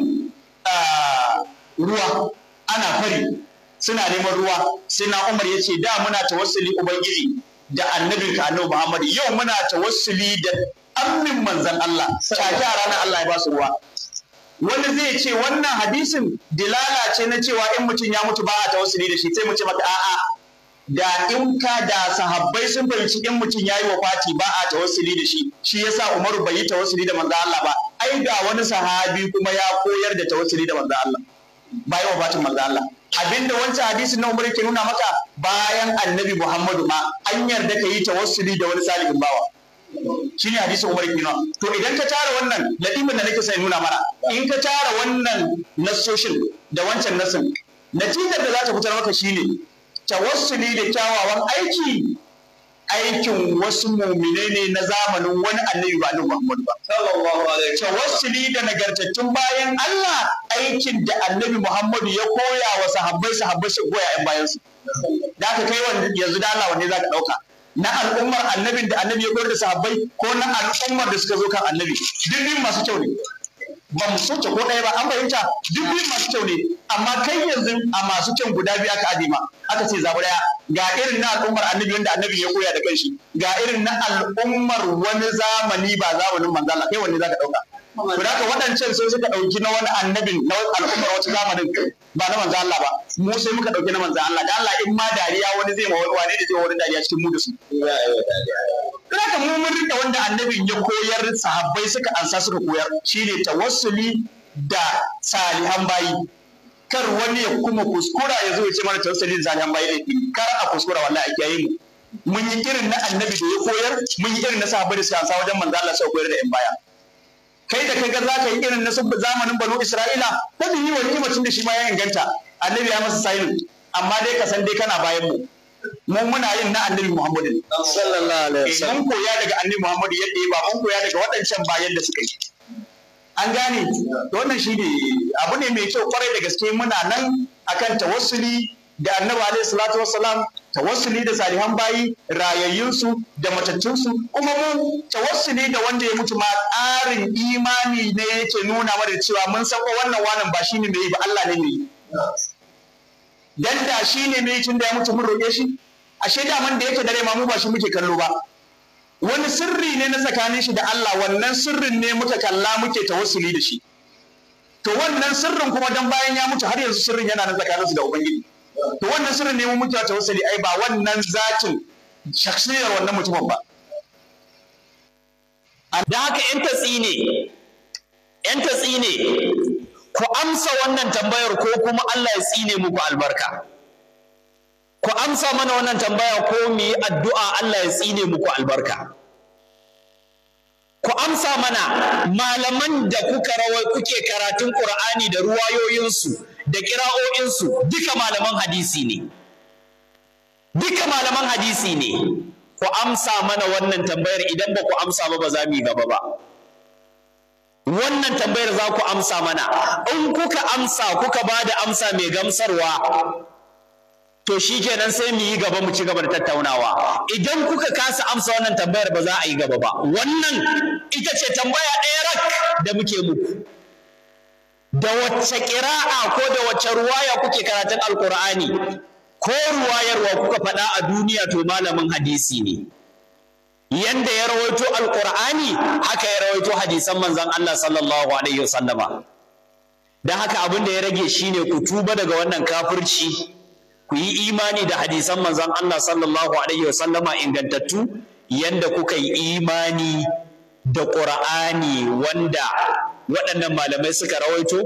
ah, ruwa ana fari suna neman ruwa sai Umar ya ce da muna tawassuli ubangiji da annabi annabi Muhammad yau muna tawassuli da ammin manzan Allah caji a ranar Allah ya ba su ruwa wani zai ce wannan hadisin dilala ce na cewa in mutum ya mutu ba a tawassuli da shi sai mu ce maka a'a da in ka da sahabbai sun fahimci in mutum ya wa fati ba a tawassuli da shi shi yasa Umaru bai yi tawassuli da manzan Allah ba ai ga wani sahabi kuma ya koyar da tawassuli da manzan Allah bai wa manzo Allah abinda wancan hadisin na Umar ke nuna maka bayan Annabi Muhammadu ma an yarda ka yi tawassuli da wani salihin bawa Shi ne hadisin Umar ke nuna to idan ka tara wannan ladimin da nake sai nuna mana in ka tara wannan nasoshin da wancan nasin natijar da za ta fitar maka shine tawassuli da kyawawan aiki aikin wasu mumine ne na zamanin wani annabi ba annabi muhammadu ba sallallahu alaihi da nagartattun bayan Allah aikin da annabi Muhammadu ya koya wa sahabbai sahabbai su goya ƴan bayan su da ka kai wanda yanzu da Allah wanne ka dauka na al'ummar annabin da annabi ya koyar da sahabbai ko na al'ummar da suka zo kan annabi duk masu kyau ne ba mu soke ko ɗaya ba an fahimta duk biyu masu kyau ne amma kai yanzu a masu kyan guda biyu aka ajiye ma aka ce zaɓi ɗaya ga irin na al'ummar annabi wanda annabi ya koya da kanshi ga irin na al'ummar wani zamani ba zamanin manzala kai wanne za ka ɗauka to da waɗancan sai suka ɗauki na wani annabin na al'ummar wata zamanin ba na manzan Allah ba mu sai muka ɗauki na manzan Allah da Allah in ma dariya wani zai ma wani ne zai wani dariya cikin mu da su da ka mu mun rika wanda annabin ya koyar sahabbai suka ansa suka koyar shine tawassuli da salihan bayi kar wani ya kuma kuskura ya zo ya ce mana da salihan bayi ɗin kar a kuskura wallahi a kiyaye mu mun yi irin na annabi da ya koyar mun yi irin na sahabbai da suka ansa wajen manzan Allah suka koyar da in baya kai da kai ga za ka yi irin na zamanin banu isra'ila ta yi wa ni'imacin da shi ma ya inganta annabi ya masa sayin amma dai ka san dai kana bayan mu mun muna yin na annabi muhammadu sallallahu alaihi eh, wasallam mun koya daga annabi muhammadu yadda ya ba mun koya daga waɗancan bayan da suka yi an gane wannan shi ne abu ne mai kyau kwarai da gaske muna nan akan tawassuli da annabi alaihi salatu wasallam tawassuli da salihan bayi rayayyunsu da matattunsu kuma mu tawassuli da wanda ya mutu ma tsarin imani ne yake nuna mana cewa mun san ko wannan wanan ba shine mai ba Allah ne mai dan da shine mai tun da ya mutu mun roƙe shi ashe da man da yake dare ma mu ba shi muke kallo ba wani sirri ne na tsakanin shi da Allah wannan sirrin ne muka kalla muke tawassuli da shi to wannan sirrin kuma dan bayan ya mutu har yanzu sirrin yana nan tsakaninsu da ubangiji to wannan shirin ne mun muke tawassuli ai ba wannan zatin shakhsiyar wannan mutumin ba da haka yan tatsi ne yan tatsi ne ku amsa wannan tambayar ko kuma Allah ya tsine muku albarka ku amsa mana wannan tambaya ko mu yi addu'a Allah ya tsine muku albarka ku amsa mana malaman da kuka rawai kuke karatun Qur'ani da ruwayoyinsu da kira'o'insu duka malaman hadisi ne duka malaman hadisi ne ku amsa mana wannan tambayar idan ba ku amsa ba ba za mu yi gaba ba wannan tambayar za ku amsa mana in kuka amsa kuka ba da amsa mai gamsarwa to shi kenan sai mu yi gaba mu ci gaba da tattaunawa idan kuka kasa amsa wannan tambayar ba za a yi gaba ba wannan ita ce tambaya ɗaya rak da muke muku da wacce ƙira'a ko da wacce ruwaya kuke karatun alkur'ani ko ruwayarwa kuka faɗa a duniya to malamin hadisi ne yanda ya rawaito alkur'ani haka ya rawaito hadisan manzon Allah sallallahu alaihi wasallama dan haka abin da ya rage shine ku tuba daga wannan kafirci ku yi imani da hadisan manzon Allah sallallahu alaihi wasallama ingantattu yanda kuka yi imani da Qur'ani wanda waɗannan malamai suka rawaito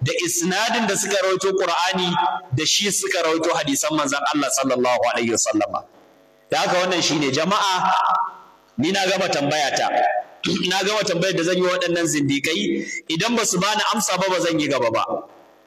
da isnadin da suka rawaito Qur'ani da shi suka rawaito hadisan manzon Allah sallallahu alaihi wasallama da haka wannan shine jama'a ni na gama tambaya ta na gama tambayar da zan yi waɗannan zindikai idan ba su bani amsa ba ba zan yi gaba ba